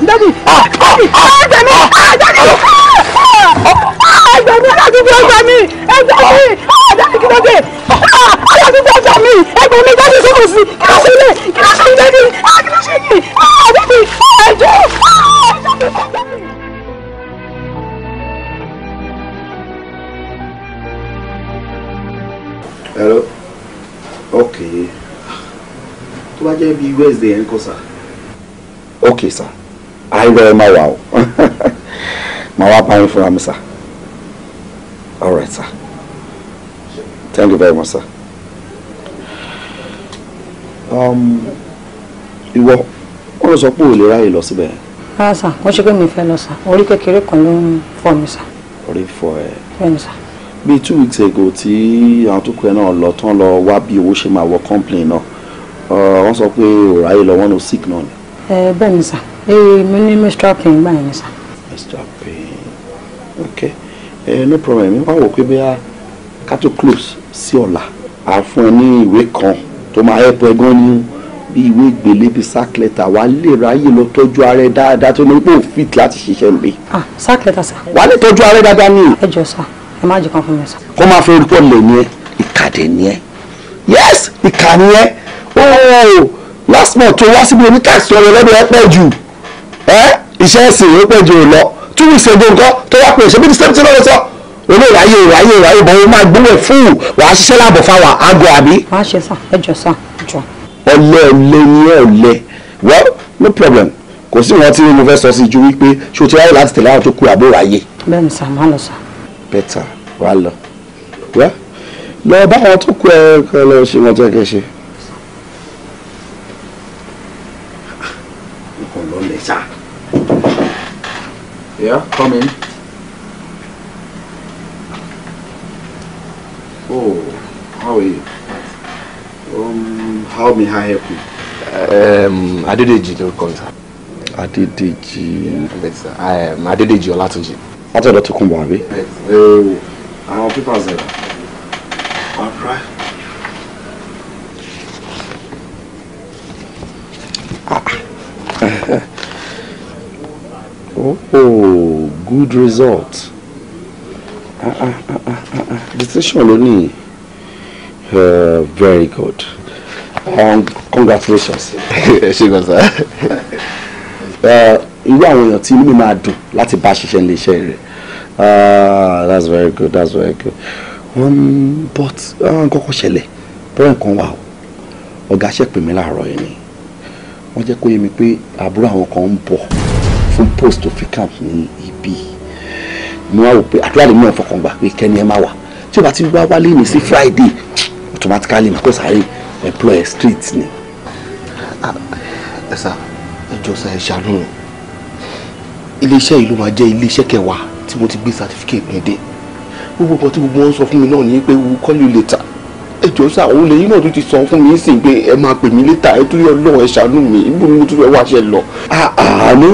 àti dẹ́ni ẹ̀jẹ̀ mi ẹ̀jẹ̀ mi ẹ̀jẹ̀ mi aládùúgbò ẹ̀jẹ̀ mi ẹ̀jẹ̀ mi ẹ̀jẹ̀ mi kìlọ̀dé aládùúgbò ẹ̀jẹ̀ mi ẹ̀jẹ̀ mi dájú sókò sí kíláṣẹ́ ilé kíláṣẹ́ ilé ni kíláṣẹ́ ilé ẹ̀jẹ̀ mi ẹ̀jẹ̀ mi. Hello? Okay. Tó bá jẹ́ bí Wednesday ẹ̀ ń kọ́ sá. Okay, sir ayé ẹ má wà o màá wá pa yín sir all right sir thank you very much sir. Um, ìwọ wọn sọ pé ò lè ráyè lọ síbẹ̀. rárá sà wọ́n ṣe pé mi fẹ́ lọ sà orí kékeré kan ló ń fọ́ mi sà. orí fọ́ ẹ. bẹ́ẹ̀ ni sà. bíi two weeks ago tí àwọn tó kọ ẹ náà lọ tán lọ wá bí owó ṣe máa wọ complain náà uh, wọ́n sọ pé ò ráyè lọ wọ́n lọ sick náà ni ẹ bẹ́ẹ̀ ni sà ee mo ní menstrual pain gbà yẹn sà. menstrual pain ok eh, no problem mi wá wò pé bí a ká tó close sí ọ̀la à fún ẹ ní ìwé kan tó máa help ẹ gan ni bí ìwé ìgbélé bíi sack letter wàá lè ráyè lọ tọ́jú ara ẹ dáadáa tó ní pé ò fit láti ṣiṣẹ́ nílé. ah sack letter sà. wàá lè tọ́jú ara ẹ dáadáa ní. ẹ jọ sà ẹ má jẹ kan fún mi sà. kó máa fẹ́ rúpọ̀ lè ní ẹ ìkàdé ní ẹ yes ìkà ní ẹ ooo. Oh, last month tó wá síbi oníkàsí ọ̀rọ̀ lọ́dún ẹ pẹ́ jù ẹ́ iṣẹ́ ẹ̀sìn ìwé pẹ́ jù ò lọ two weeks ago nǹkan tó wá pè é ṣe bí disẹ́pì tí lọ́wọ́ sọ olóòráyè òráyè òráyè bọ̀ wọ́n máa gbúwẹ̀ fún un wàá ṣiṣẹ́ láàbọ̀ fáwọn àgọ́ àbí. wàá ṣe sà ẹ jọ sà jọ. ọlẹ́ ọlẹ́ ni ẹ ọlẹ́ well no problem kò sí wọn tí mo fẹ́ sọ sí ju wípé ṣé o ti ráyè láti tẹ̀lé àwọn tó kú àbó ráyè. bẹ́ẹ̀ni sà má lọ sà. bẹ́tà wàá lọ wẹ́ lọ bá àwọn tó kú ẹ kọ́ lọ ṣe wọn tó ẹ kẹ́ ṣe. Yeah, come in. Oh, how are you? Um, how may I help you? Um, Adédèjì lórúkọ mi sá. Adédèjì. Bẹ́ẹ̀ sá, um, Adédèjì Ọlátúnjì. Látọ̀dọ̀ tó kún bọ̀ àbí? Àwọn pípà zẹ̀rà. Alright. Oh, oh good result. Ah, ah, ah, ah, Decision ló Uh, very good. Um, congratulations. Ẹ ṣé gan sá. Irú àwọn èèyàn tí inú mi máa dùn láti bá ṣiṣẹ́ ilé iṣẹ́ rẹ̀. That's very good, that's very good. Um, but kọ́kọ́ ṣẹlẹ̀ bọ́ọ̀ nǹkan wà o. Ọ̀gá ṣẹ̀pẹ̀ mi láàárọ̀ yìí ni. Wọ́n jẹ́ kó yé mi pé àbúrò àwọn kan ń bọ̀ fún post of camp ní ibi mo wá wò pé àdúrà lèmi náà fọkàn gbà pé kẹ́ni ẹ má wà tí o bá ti wá wálé ní sí friday automatically màá kó sáré employer street ni. Ah, ẹ sá ẹ jọ sá ẹ ṣàánú mi iléeṣẹ́ yìí ló máa jẹ́ iléeṣẹ́ kẹwàá tí mo ti gbé certificate mi dé gbogbo nǹkan tí gbogbo wọn sọ fún mi náà ni pé we will call you later ẹjọ sá òun lẹ́yìn náà tó ti sọ fún mi sí pé ẹ máa pè mí létà ẹ tún yọ lọ ẹ ṣàánú mi ibú mi tún fẹ́ wá ṣe lọ. àánú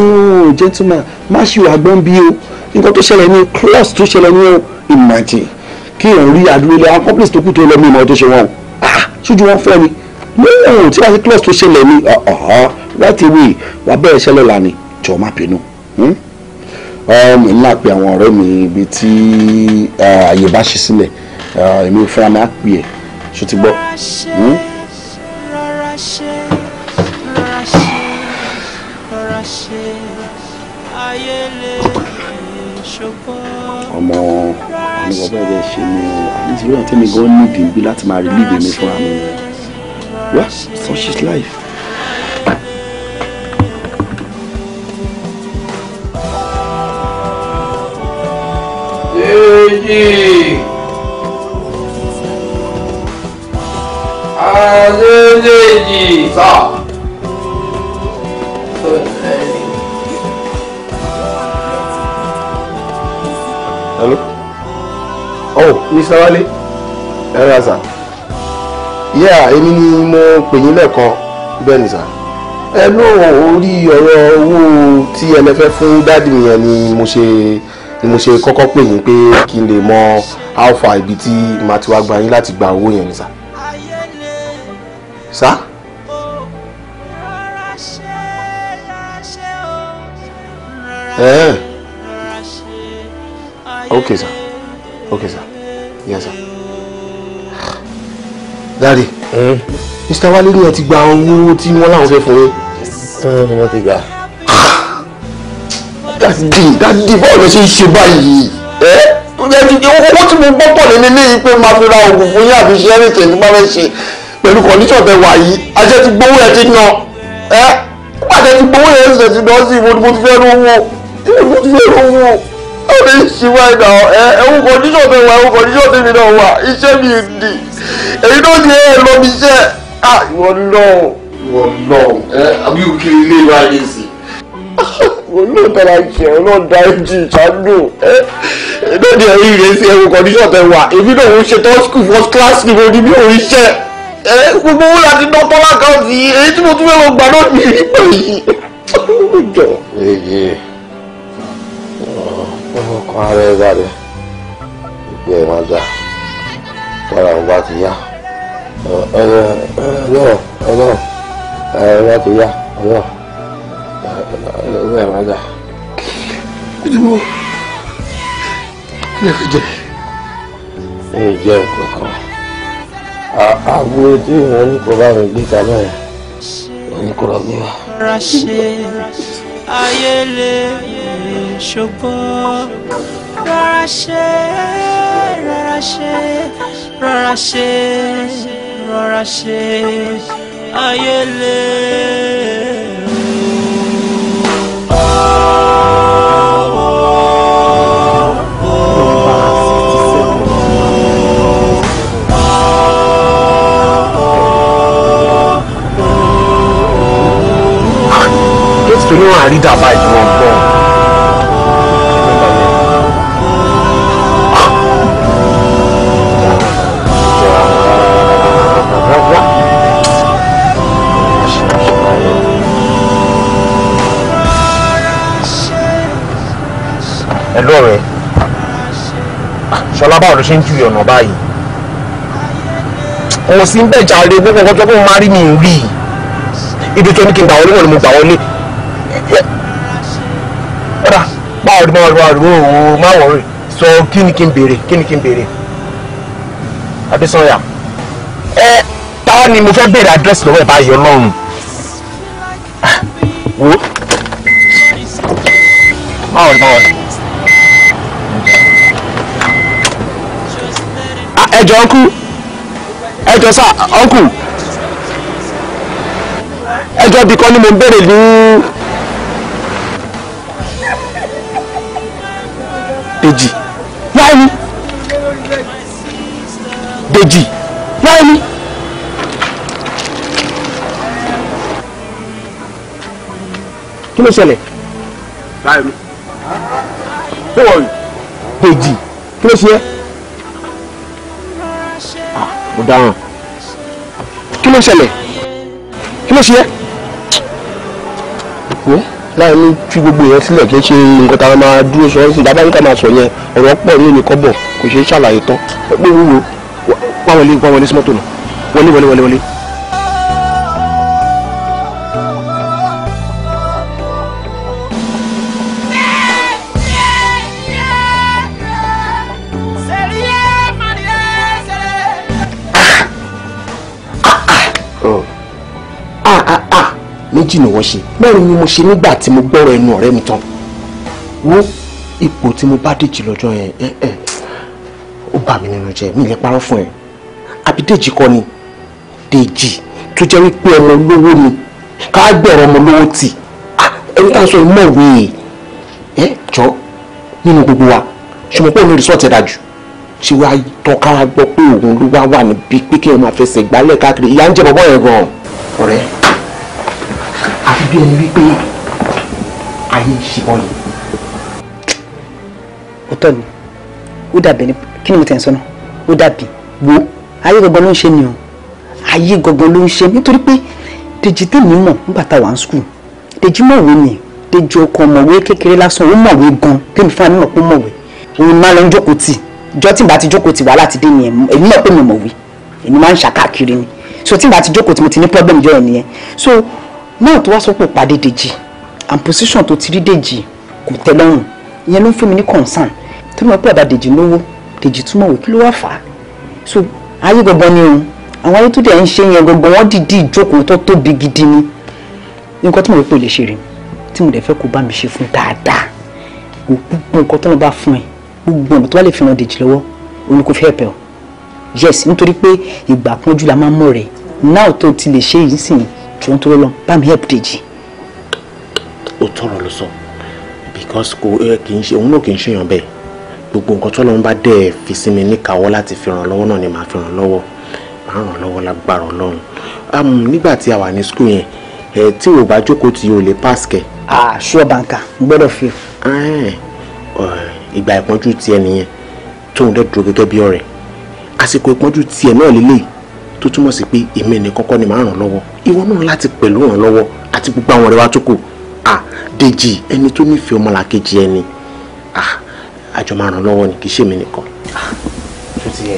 gentleman má ṣe bí o nǹkan tó ṣẹlẹ̀ ní class tó ṣẹlẹ̀ ní ìmọ̀tì kí èèyàn rí adúlélẹ̀ accomplice tó kù tó lọ́mọ ìmọ̀ tó ṣe wọn o ṣojú wọn fẹ́ ni lóòrùn tí wàá sí class tó ṣẹlẹ̀ ní right away wà bẹ́ẹ̀ ṣẹlẹ̀ lánìí jọ̀ọ́ má bínú mi ńlá pé àwọn ọ̀rẹ́ mi ibi tí uh, àyè bá ṣe sílẹ̀ uh, èmi fúnra mi á pè é ṣe ti gbọ́. rọra ṣe rọra ṣe ṣe ayé ọmọ àníwọ̀ bẹ́ẹ̀ bẹ́ẹ̀ ṣe gan níbi ìgbé láti máa rí líbi mi fúnra mi well such is life. Yeah. àwọn méjèèjì. sọ. hello oh mr wale Hello. Yeah, sà yíyá èmi ni mo pè yín lẹ́ẹ̀kan bẹ́ẹ̀ ni sà ẹ ló orí ọ̀rọ̀ owó tí ẹ lè fẹ́ fún dáàdì yẹn ni mo ṣe ni mo ṣe kọ́kọ́ pè yín pé kí n lè mọ alpha ibi tí màá ti wá sá. Eh. Okay, sir Okay, sir yes sir. dáre mr wálé ni ẹ ti gba owó tí wọ́n láwọn fẹ́ fún yín. sọ́ọ́ ni wọ́n ti gbà. dadi dadi báwo ló ṣe ń ṣe báyìí ẹ owó tí mo gbọ́ pọ̀ nínú ilé yìí pé máa fi ra oògùn fún yín àbí ṣẹ́rìtì ní bá fẹ́ ṣe pẹ̀lú kọ̀ndíṣọ̀ tẹ wà àṣẹ ti gbowó ẹ ti nà ẹ pàṣẹ ti gbowó yẹn ṣẹ̀ ti nà sí mo ti fẹ́ rówó mo ti fẹ́ rówó ó lè ṣì wá ìgbà ẹ ẹwù kọ̀ndíṣọ̀ tẹ wà ẹwù kọ̀ndíṣọ̀ tèmi náà wà iṣẹ́ mi dì èyí tó ti ẹ lọ bí iṣẹ́ à ìwọ náà ìwọ náà ẹ àbí òkè ilé wa lè sè ìwọ náà tẹ̀lé àjẹ́ ọlọ́ọ̀dá ẹ̀jì ìṣàánú ẹ lóde ẹ̀rí ìrẹsì ẹ̀wù kọ̀ndíṣọ̀ tẹ wà èmi náà ń ṣe tọ́ ẹ gbogbo owó láti dọ́tọ́ lákàtì èyí tí mo tún fẹ́ lọ gbà náà ní ìgbà yìí. jọ èyí ọkàn ara ẹ balẹ̀ ìgbé ẹ máa dá tọ́ra wọn bá ti yá ọlọ́ọ̀ ọlọ́ọ̀ ẹ bá ti yá ọlọ́ọ̀ ọlọ́ọ̀ ẹ máa dá. ìdúró kí lè ẹ jẹ́ nǹkan kan àgbo tí ìwọ̀n ní kò bá rìn gbé kalẹ̀ ìwọ̀n ní kò lọ gbé wa. ara ayé lè ṣùgbọ́n rárá ṣe rárá ṣe rárá ṣe rárá ṣe ayé lè. nínú àrídàbà ìwọ̀n gan. ẹ̀lú ọ̀rẹ́ ṣọlá báwo ló ṣe ń ju ọ̀nà báyìí kò sí ń bẹ̀jà rẹ gbogbo ọjọ́ kó máa rí mi rí ibi tó ní kí n gbà wọlé wọn mo gbà wọlé ọ̀dà máa rí máa rí máa rí òwò máa wọ̀rí sọ kí ni kí n béèrè kí ni kí n béèrè Adésanyà ẹ táwa ni mo fẹ́ béèrè àdírẹ́sì lọ́wọ́ ẹ̀ báyìí ọlọ́run wo máa rí máa ẹjọ ọkù ẹjọ sá ọkù ẹjọ bìkan ni mo ń béèrè ní. láì ní dèjì láì ní. kí ló ṣẹlẹ̀. láì ní. ṣé wọ́n yìí. dèjì kí ló ṣe é. Ah, mo dáhùn kí ló ṣẹlẹ̀ kí ló ṣe é. láì ní fi gbogbo yẹn sílẹ̀ kí n ṣe nǹkan tá a máa dúró sọ ọ́ sí dábàá níta máa sọ yẹn ọ̀rọ̀ pọ̀ ní òní kọ́bọ̀ kò ṣeé ṣàlàyé tán pé wúwo wá wọlé wá wọlé sí mọ́tò náà wọlé wọlé wọlé wọlé. Ah, ah, ah, méjì ni wọ́n ṣe mẹ́rin ni mo ṣe nígbà tí mo gbọ́rọ̀ ẹnu ọ̀rẹ́ mi tán wo ipò tí mo bá dèjì lọ́jọ́ yẹn ó bà mí nínú jẹ́ mi lè parọ́ fún ẹ àbí dèjì kọ́ ni dèjì tó jẹ́ wípé ọmọ lówó ni ká gbẹ̀rọ̀ ọmọ lówó tì ẹni tá a sọ mọ̀ wéè ẹ jọ nínú gbogbo wa ṣùgbọ́n pé òun rí sọ́ọ̀tì ẹ̀dá jù ṣé wàá tọ́ka gbọ́ pé òun ló wá wà níbi pé kí ẹ máa fẹsẹ̀ gbálẹ̀ káàkiri ìyá ń jẹ bọ́bọ́ yẹn gan-an ọ̀rẹ́ àfi bí ẹni wípé ayé ń ṣe bọ́ òótọ́ ni ó dàbí ẹni kí ni mo tẹ̀ ń sọ́nà ó dàbí wo ayé gangan ló ń ṣe ni o ayé gangan ló ń ṣe nítorí pé dèjì tèmi mọ̀ nígbà tá a wà ní skul dèjì mọ̀wé ni dèjì ọkọ mọ̀wé kékeré lásán ó mọ̀wé gan tèmi fún mi mọ̀ pé mọ̀wé òun máa lọ ń jókòó tì jọ tí n bá ti jókòó tì wá láti dé nìyẹn èmi mọ̀ pé mi mọ̀wé èmi máa ń ṣàkàkiri ni so tí n bá ti jókòó tì mo ti ní problem jọ ẹ̀ so náà tó wá sọ́pọ̀ pàdé dèjì and position tó ti rí dèjì kò tẹ́ lọ́rùn ìyẹn ló ń fún mi ní concern tó mọ̀ pé bàbá dèjì lówó dèjì túmọ̀ wò kí ló wá fà á so ayé gbọ̀ngàn ni o àwọn ayé tó dẹ̀ ń ṣe yẹn gbọ̀ngàn wọ́n dìdí ìjókòó tó tóbi gidi ni nǹkan tí mo rò pé o lè ṣe rè tí mo dẹ̀ fẹ́ kó bá mi ṣe fún dáadáa gbogbo nǹkan tó ń bá fún ẹ gbogbo ọ̀nà tó bá lè fi ràn dèjì lọ́wọ́ òun kò fẹ́ pẹ́ o yes nítorí pé ìgbà kúnjú la máa ń mọ̀ rẹ̀ náà tó ti lè ṣe yìí sìn jọ̀ọ́ tó lọ́ bá mi help dèjì. ó tọrọ ló sọ. So because kò ẹ kì í ṣe òun náà kì í ṣèyàn bẹ́ẹ̀ gbogbo nǹkan tó lọ́n bá dẹ̀ fi sí mi níkàáwọ́ láti fi ràn lọ́wọ́ náà ni màá fi ràn lọ́wọ́ màá ràn lọ́wọ́ lágbára ọlọ́run nígbà tí a wà ní school yẹn ẹ tí o bá jókòó tí o lè pass kẹ. àṣọ bàǹkà gbọ́dọ̀ fi. ìgbà ìpọ́njú tiẹ̀ nìyẹn tóun dẹ̀ dúró gẹ́gẹ́ bí ọ̀rẹ́ àsìkò ìpọ́njú tiẹ̀ náà lélẹ́yìí tó túmọ̀ sí pé èmi nìkan kọ́ ni màá ràn lọ́wọ́ ìwọ náà láti pẹ̀lú ràn lọ́wọ́ àti gbogbo àwọn ọ̀rẹ́ wa tó kù ah Dèjì ẹni tó nífẹ̀ẹ́ ọmọlàkejì ẹni ah àjọ máa ràn lọ́wọ́ ni kì í ṣèmi nìkan. ṣé ti yẹ.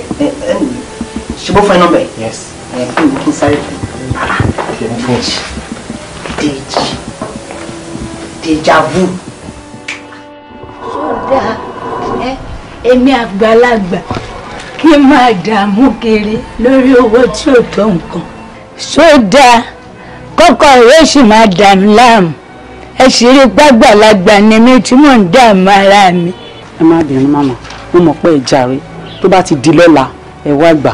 ṣe bó fẹ́ nọ́mbà yìí. yes. ẹ kí n kí n sáré fún un. Dèjì Dèjì Dèjà vu. ṣọ́dà ẹ èmi àgbàlagbà kí n máa dààmú kiri lórí owó tí ò tó nǹkan. ṣọ́dà kọ́kọ́ rẹ̀ ó máa dàmí láàmú ẹ sì rí gbàgbàlagbà ni mi tí mò ń dààmú ara mi. ẹ má bínú màmá mo mọ̀ pé ẹ jàre tó bá ti di lọ́la ẹ wá gbà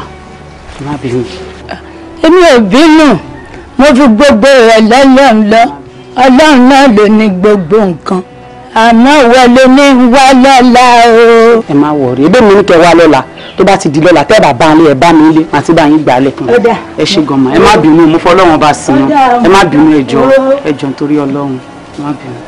ẹ má bínú. èmi ò bínú mo fi gbogbo rẹ̀ lọ́lọ́run lọ ọlọ́run náà ló ní gbogbo nǹkan àmọ́ ìwọ ló ní wá lọ́la o. ẹ má wọrí ebí mi ní kẹ wá lọ́la tó bá ti di lọ́la tẹ́ bá bá ilé ẹ bá mi ilé àti bá yín gbà lẹ́kùn ẹ ṣe gan-an ẹ má bínú mo fọlọ́run bá sí i ẹ má bínú ẹjọ́ ẹjọ́ nítorí ọlọ́run má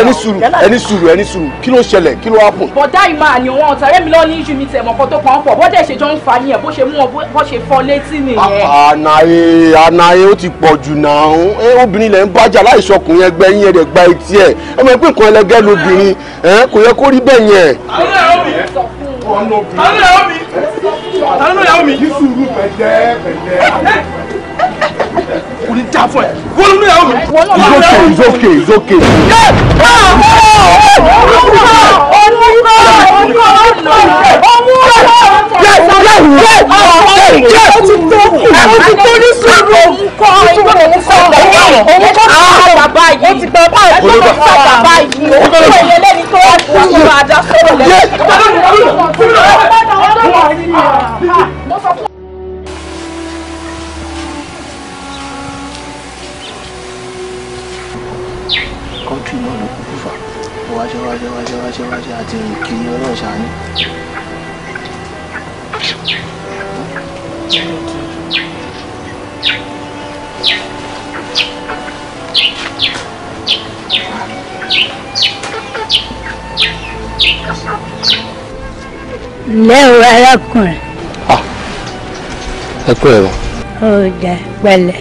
ẹni sùúrù ẹni sùúrù ẹni sùúrù kí ló ṣẹlẹ̀ kí ló happen. bọ̀dá ìmáà ni wọn ọ̀tàrẹ́ mi lọ ní ju mi tẹ̀ mọ̀kọ́ tó kàn bọ́dẹ̀ ṣe ń fa ni ẹ̀ bó ṣe mú wọn bó ṣe fọ létí nìyẹn. Ah, ah, ànàyè ànàyè ó ti pọ̀ jù náà ẹ obìnrin lẹ̀ ń bájà láìsọkùnrin ẹgbẹ́ yín ẹ̀rẹ̀ gba etí ẹ̀ ẹ mọ̀ pé nǹkan ẹlẹgẹ́ lobìnrin kò yẹ kó rí bẹ́ẹ̀ yẹn. tani ló yà kò ní dá fún ẹ wọ́n ló ní ìyàwó mi. it's okay it's okay it's okay. ǹlẹ́ o arákùnrin. Ah, ẹ kú ẹ ó jẹ pẹ̀lẹ́.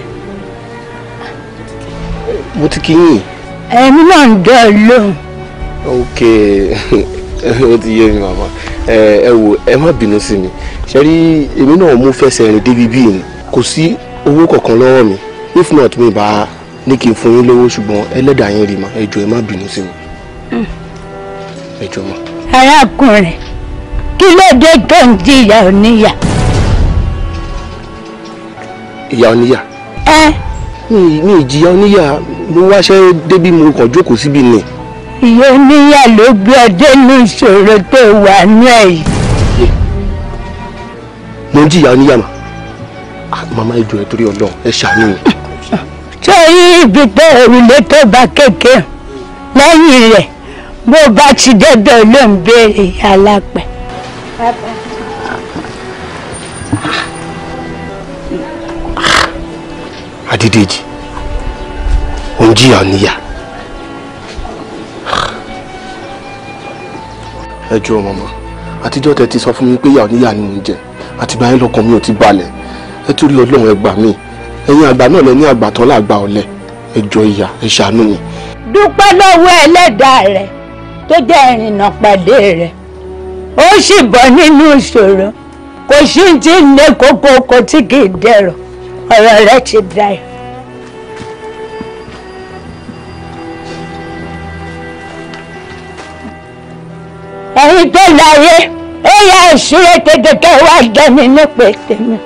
mo ti kí yín. náà ń lóhùn. ok ó ti yé mi màmá ẹ wò ẹ má bínú sí mi ṣe rí èmi if not mi bá ní kí n fún yín lówó ṣùgbọ́n ẹlẹ́dàá rí ma ẹ ẹ má bínú sí hmm. kí ló dé tó ń jìyà oníyà. ìyà oníyà. ẹ. mi ìjìyà oníyà mo wáṣẹ́ débi mo kàn jókòó síbi ni. ìyà oníyà ló gbé ọdẹ ní ìṣòro tó wà ní ẹ̀yìn. mo ń jìyà oníyà mà màmá ìjọ ẹ torí Ọlọ́run ẹ ṣàánú mi. torí ibi tó òrùlé tó bá kékeré lẹ́yìn rẹ̀ bó bá ti débẹ̀ ló ń béèrè alápẹ̀. Adédèjì ò ń jìyà níyà. ẹ jọ̀ọ́ màmá àtijọ́ tẹ ti sọ fún mi pé ìyà oníyà ni mò ń jẹ àtìgbà yẹn lọ́kàn mi o ti balẹ̀ ẹ torí ọlọ́run ẹ gbà mí ẹ̀yin àgbà náà lẹ ní àgbà tán láàgbà ọ̀lẹ ẹ jọ̀ọ́ ìyá ẹ ṣàánú mi. dúpẹ́ lọ́wọ́ ẹlẹ́dàá rẹ tó jẹ́ ìrìnà pàdé rẹ̀ ó sì bọ́ nínú ìṣòro kò sí ti ń lé kókó oko tí kì í dẹ̀rọ̀ ọ̀rọ̀ rẹ ti dayọ̀. ẹ̀yin tó láyé ó yá ìṣúré tètè wá jẹ́ mi nípa tèmi.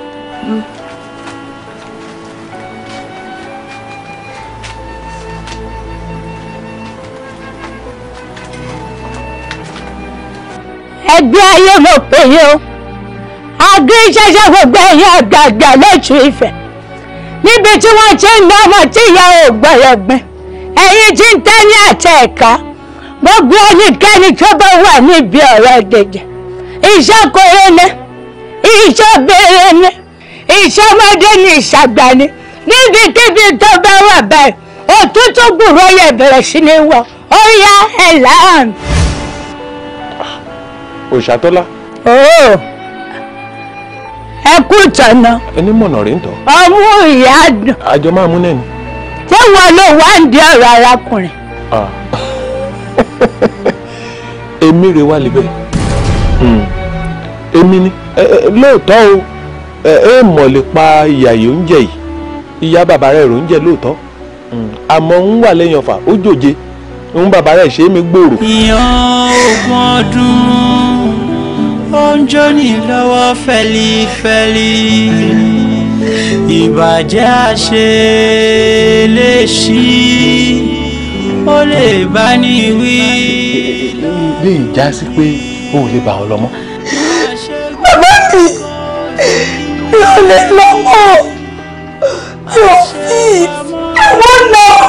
ẹgbẹ́ ayé mo pè yín o àgé ṣẹṣẹ gbogbo ẹ̀yìn àgbààgbà lójú ìfẹ́ níbi tí wọ́n ti ń lọ́mọ tí ìyá ò gbọ̀yọ̀gbìn ẹ̀yìn tí ń tẹ́ ní àtẹ ẹ̀ka gbogbo ẹnikẹ́ni tó bá wà níbi ọ̀rọ̀ gègé iṣẹ́ kore ni iṣẹ́ bèrè ni iṣẹ́ ọmọdé ni ìṣàgbà ni níbikíbi tó bá wà báyìí òtútù gbùrọ̀ yẹ bẹ̀rẹ̀ sí ni wọ̀ ó yá ẹ̀ láàmì òṣàtọ́lá. ooo oh, ẹ kú ìtànà. ẹni mọ̀nà rẹ̀ ń tọ́. ọmú ìyá dùn. àjọ máa mú náà ni. ṣé wọn ló wá ń di ọ̀rọ̀ arákùnrin. èmi rè wá lè bẹ́ẹ̀ hmm. èmi ni lóòótọ́ o ẹ mọ̀ lè pa ìyá yìí oúnjẹ yìí ìyá bàbá rẹ̀ rò ń lóòótọ́ hmm. àmọ́ ń wà lẹ́yìn ọ̀fà ó jòjé ń bàbá rẹ̀ ṣe é mi gbòòrò. ìyàn ogún ọdún ó ń jóni lọ́wọ́ fẹ́lifẹ́li ìbàjẹ́ àṣe lè ṣí ó lè bá ní wí. lè já sí pé o ò lè bà ọ́ lọ́mọ. bàbá mi mi ò lè lọ́mọ mi ò fi ẹ̀wọ̀n náà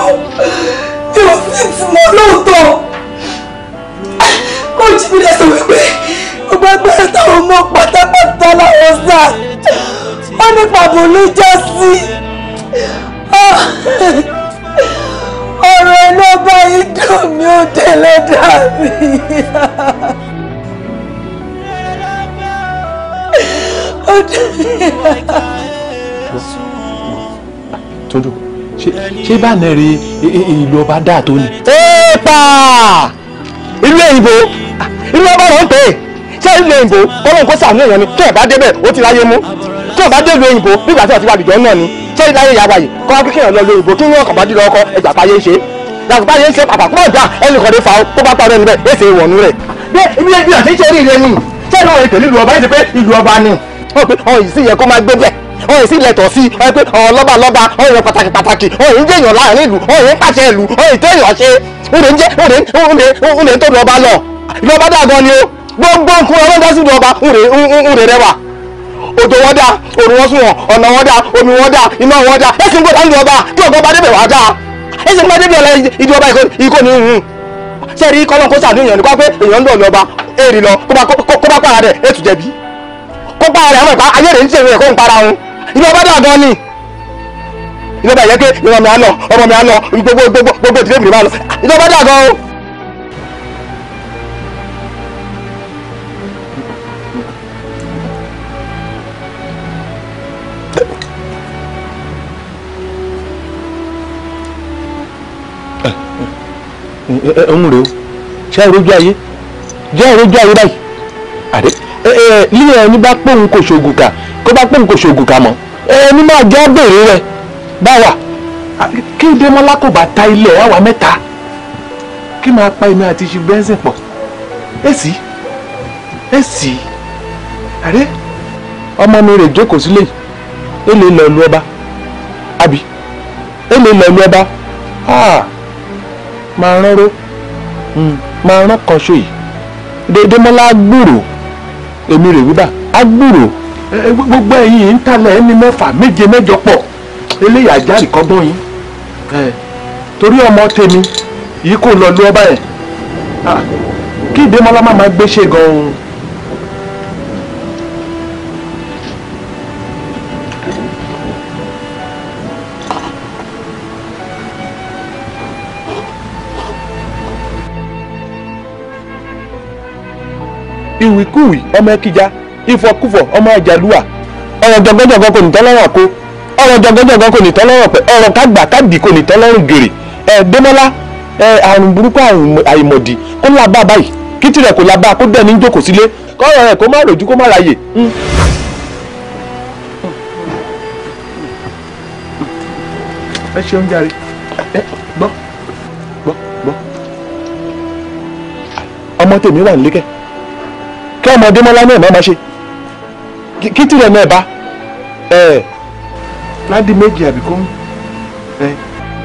mi ò fi tìmọ̀ lóòótọ́ mo jí mi lẹ́sọ̀ wípé gbogbo ẹgbẹ́ táwọn mọ pátápátá láwọn sáà wọ́n ní pàbó ló já sí ọ̀rọ̀ ẹni ọba ìdùn mi ò tẹ̀lé dàbí. tójú ṣé bá nẹ́ẹ̀rí ìlú ọba dáa tó ni. éèpà ìlú èyìnbó ìlú ọba rọ̀ ń pè é dé ilé òyìnbó kọ́lọ́n kó sàánú èèyàn ni tí ẹ̀ bá débẹ̀ ó ti ráyé mú tí ẹ̀ bá dé ilé òyìnbó nígbà tí ẹ̀ ti wà lùjọ́ náà ni ṣé iláyé ìyá wáyé kọ́ wá kékeré lọ lóyìnbó kí wọ́n kàn bá dídọ́ ọkọ ẹgbà fàyè ṣe yàgbá yẹn ṣe pàpà kúrò dá ẹnì kan lè fa ó bá parọ́ níbẹ̀ èsè ìwọ̀nù rẹ̀. bẹ́ẹ̀ ibi ẹbí àti ìṣe rí ilé ni sẹ́nu wọn ìpèlú ìlú ọba yìí ti pé ìlú ọba ni. wọ́n pe ọ̀hún yìí sì yẹ kó máa gbé bẹ́ẹ̀ ọ̀hún yìí sì lẹ̀tọ̀ sí ọ̀hún pé ọ̀hún lọ́ba lọ́ba ọ̀hún yẹn pàtàkì pàtàkì ọ̀hún yìí ń jẹ́yàn láàrin ìlú ọ̀hún yìí ń pàṣẹ ìlú ọ̀hún yìí tẹ́yàn ṣe. ó lè ń jẹ́ ó lè ń tó lọ́ba lọ ìlú ọba dàgbọ́n ni ó gbogbo nǹkan ọlọ́dá sí ìdọ̀ba ń rè rẹwà òjò wọn dá òrùn wọn sùn wọn ọ̀nà wọn dá omi wọn dá iná wọn dá ẹ sì ń gbọ́dọ̀ ìdọ̀ba kí ọ̀gá ọba débẹ̀ wá dá ẹ sì ń gbọ́dọ̀ ìdọ̀ba ìkó ni hùn sẹ́ẹ̀rí kọ́lọ́n kó sàánú èèyàn nípa pé èèyàn ń dọ̀ lọ́ba èrì lọ kó bá pààrà rẹ̀ ètù jẹ̀bi kó pààrà rẹ̀ àwọn ìpa ayé rẹ̀ ń ṣe ìrìn ẹ̀kọ́ ń para wọn ìdọ̀ba dà gan ni ìdọ̀ba yẹ pé ìrọ̀mì àná ọmọ mi àná gbogbo gbogbo ìdílé mi máa lọ ìdọ̀ba dà gan o. ń rè o ṣe ìrójú ayé jẹ́ ìrójú ayé báyìí àdé lílo ẹni bá pòun kò ṣògùn kà kó bá pòun kò ṣògùn kà mọ́ ẹni máa jẹ́ béèrè rẹ báwa kí Démọ́lá kò bá ta ilẹ̀ àwa mẹ́ta kí máa pa èmi àti ṣubẹ́ńsìn pọ̀ èsì. E èsì àrẹ ọmọ mi rè jókòó sílẹ̀ yìí ele lọ lu ọba abi èlé lọ lu ọba ah! máa rán ró hmm, máa rán kan ṣe yìí dédé agbụrụ, èmi rè wíbà gbogbo ẹ̀yin ń talẹ̀ ẹni mẹ́fà méje mẹ́jọ pọ̀ torí ọmọ tèmi yìí lọ lu ọba yẹn ah! kí má máa gbéṣe gan ìwìkúwì ọmọ ẹkíjà ìfọkúfọ ọmọ àjàlúwà ọ̀rọ̀ jọgọjọgọ kò ní tọ́lọ́rọ̀ kó ọ̀rọ̀ jọgọjọgọ kò ní tọ́lọ́rọ̀ pẹ̀ ọ̀rọ̀ kágbà kábì kò ní tọ́lọ́rọ̀ gèrè ẹ dẹmọlá ẹ àrùn burúkú àìmọ̀dì kó ń labá báyìí kí tirẹ̀ kò labá kó dẹ̀ ní jókòó sílé kọ́rọ̀ rẹ̀ kó má rojú kó má ráyè. Hmm. ẹ ṣeun jàre ẹ gbọ́ gbọ́ gbọ́ ọmọ tèmi wà nílé kẹ́ẹ́ kí ọmọ Adémọ́lá náà máa ṣe kí tìrẹ náà bá ẹ. láti méjì àbí kó ń.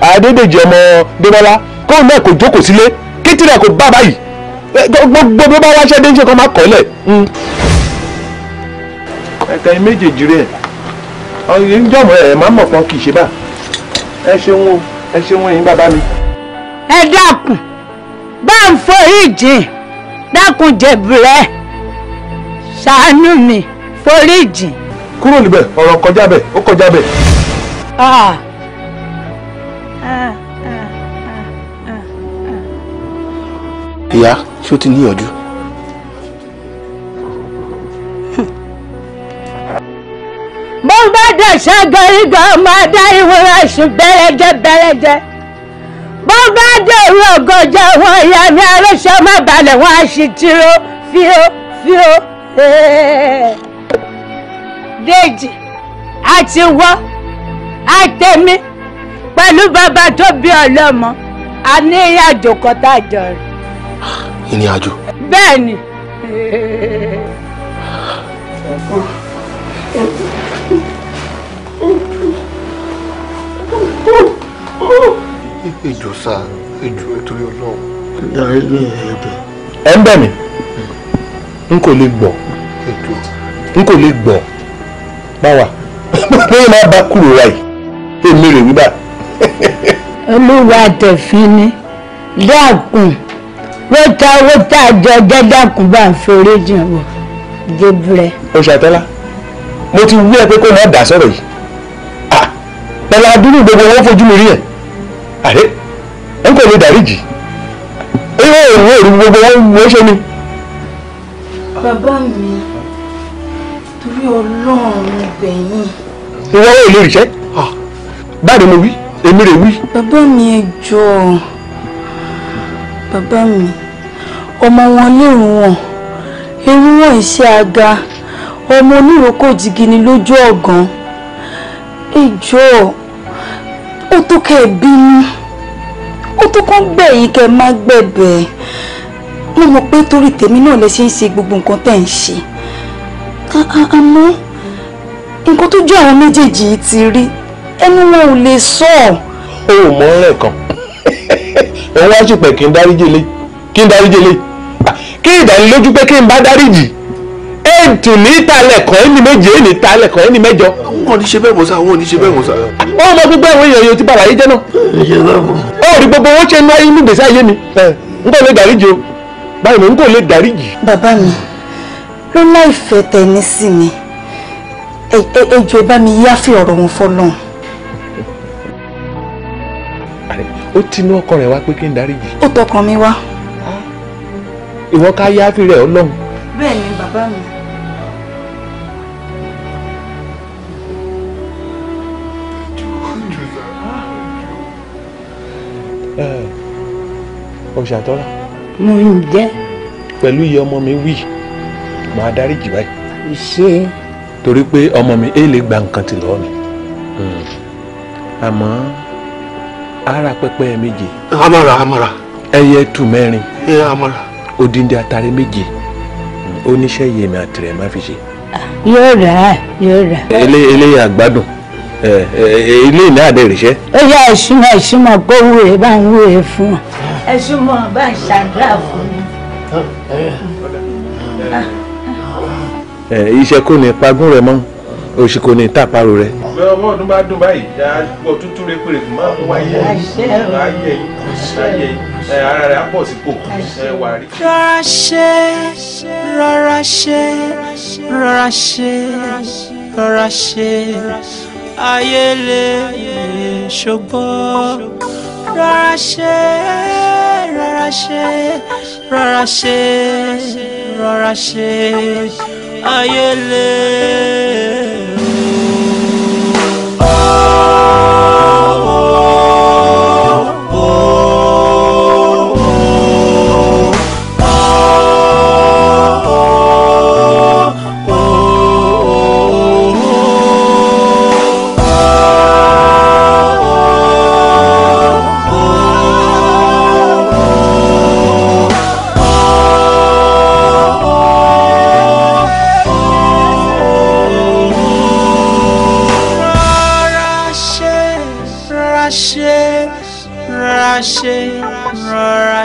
Adédèjì ọmọ Adémọ́lá kóun náà kò jókòó sílé kí tìrẹ kò bá báyìí gbogbo bí ó bá wáṣẹ́ dé ń ṣe kó máa kọ́ lẹ̀. Hmm. ẹ̀ka ẹ méjèèjì rẹ̀ ọ̀yẹ́ ń jọ̀mọ́ ẹ̀ máa mọ̀ kan kì í ṣe bá ẹ ṣeun o ẹ ṣeun ẹ̀yin bàbá mi. ẹ dákun bá ń fọ ìjìn dákun jẹ̀bìrẹ́ ṣàánú mi foríjì. kúrò níbẹ̀ ọ̀rọ̀ kọjá bẹ̀ ó kọjá bẹ̀. Ah. Ah, ah, ìyá ṣó ti níyànjú. bó bá dẹ̀ṣẹ́ gọ́rígọ́ máa dá ìwúra sùn bẹ́rẹ́jẹ́ bẹ́rẹ́jẹ́ bó bá dẹ̀rù ọ̀gọ́jọ́ wọn ìyá mi aráṣọ má balẹ̀ wọn á sì tiro fíó fíó. Déjì àti wọ́ àtẹ̀mí pẹ̀lú bàbá tó bí ọlọ́mọ a ní ìrìn àjò kan tá a jọ rìn. Ìrìn àjò. Bẹ́ẹ̀ ni. Ìjọ sáà, ìjọ nítorí Ọlọ́run. Ẹ ń bẹ̀ mí. Hmm n kò lè gbọ́ n kò lè gbọ́ báwa bóyá máa bá kúrò ra yìí èmi rè wíwá. olúwa tẹ̀fín ni dákun wọ́n ta owó tá a jọ jẹ́ dákun bá ń forí jìn wọ̀ débúrẹ́. o ṣàtẹ́lá mo ti wí ẹ pé kó máa dà sọ̀rọ̀ yìí pẹ̀lú adúlù gbogbo wọn fojú mi rí ẹ̀ àdé n kò lè dáríjì ewé òwú òru gbogbo wọn wọ́n ṣe ni bàbá mi torí ọlọ́run bẹ̀yìn. ìwọ ò lè ríṣẹ́ báyìí mo wí èmi rè wí. bàbá mi ẹ jọ̀ọ́ bàbá mi ọmọ wọn lérò wọn ewu wọn iṣẹ́ aga ọmọ oníròkò jigini lójú ọ̀gán ẹ jọ̀ọ́ ó tó kẹ́ ẹ bínú ó tó kàn gbẹ̀yìn kẹ́ ẹ má gbẹ̀bẹ̀ mo mọ̀ pé torí tèmi náà lẹ ṣe ń ṣe gbogbo nǹkan tẹ́ ń ṣe àmọ́ nǹkan tó jẹ́ àwọn méjèèjì yìí ti rí ẹnu wọn ò lè sọ. o ò mọ ọ̀rẹ́ kan òun wá ṣùpẹ̀ kí n dáríjì lé kí n dáríjì lé kí ìdánilójú pé kí n bá dáríjì ètò ní ìtàlẹ̀ kan ẹni méje ẹni ìtàlẹ̀ ẹni mẹ́jọ. àwọn ò ní ṣe bẹ́ẹ̀ mọ́ sá àwọn ò ní ṣe bẹ́ẹ̀ mọ́ sá. wọ́n mọ gbogbo àwọn èèyàn yóò ti bàrà yé jẹ́ náà. ó rí gbogbo owó ṣe ń náà inú ayé mi n kò lè dáríjì báyìí mò ń kò lè dáríjì. bàbá mi ló láìfẹ́ tẹni sí mi ejò bá mi yáfi ọ̀rọ̀ wọn fọlọ́run. ó tinú ọkọ rẹ̀ wá pé kí n dáríjì. ó tọkàn mi wá. ìwọ ká yáfi rẹ̀ ọlọ́run. bẹ́ẹ̀ ni bàbá mi. ọ̀ṣà tọ́lá mo ń jẹ́. pẹ̀lú iye ọmọ mi wí màá dáríjì báyìí. ṣe. torí pé ọmọ mi èè lè gba nǹkan tì lọ́wọ́ mi hmm. àmọ́ ara pẹpẹ méje. amara amara. ẹyẹ tu mẹ́rin. ẹ amara. odindi atare méje hmm. oníṣẹ́ yèmí àtìrẹ̀ má fi ṣe. yóò rà á yóò rà. eléyìí àgbádùn ilé eh, eh, ìlẹ́ àdẹ̀rẹ̀ṣẹ́. ó yá ìṣúná ìṣúná kó wúre bá ń wúre fún wa ẹ súnmọ́ bá ń ṣàdúrà fún mi. iṣẹ́ kò ní pagún rẹ mọ́ òṣì kò ní tàparò rẹ. ọ̀gbẹ́ ọwọ́ ọdún bá dùn báyìí àgbọ̀ tútù rẹpẹrẹpẹ máa ń wáyé ayé ayé ara rẹ̀ á pọ̀ sípò wà rí. rọra ṣe rọra ṣe rọra ṣe rọra ṣe ayé lè ṣògbọ́n rọra ṣe rọra ṣe rọra ṣe rọra ṣe ayé lè. Oh.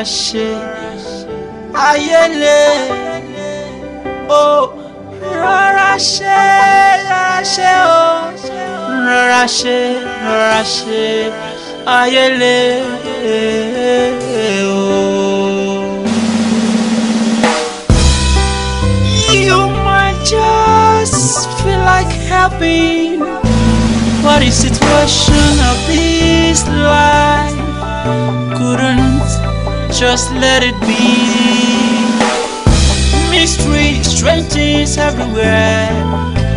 ṣe ayé o rọra ṣe rọra o rọra ṣe rọra ṣe ayé o. You might just feel like helping, but the situation of this life couldn't just let it be. Mystery, strangeness everywhere.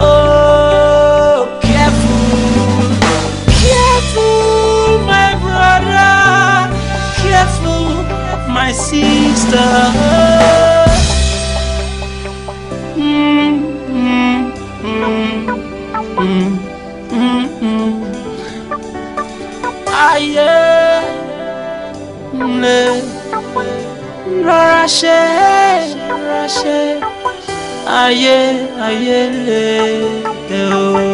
Oh, careful, careful, my brother, careful, my sister. ṣe rọṣẹ ayé ayé lè o.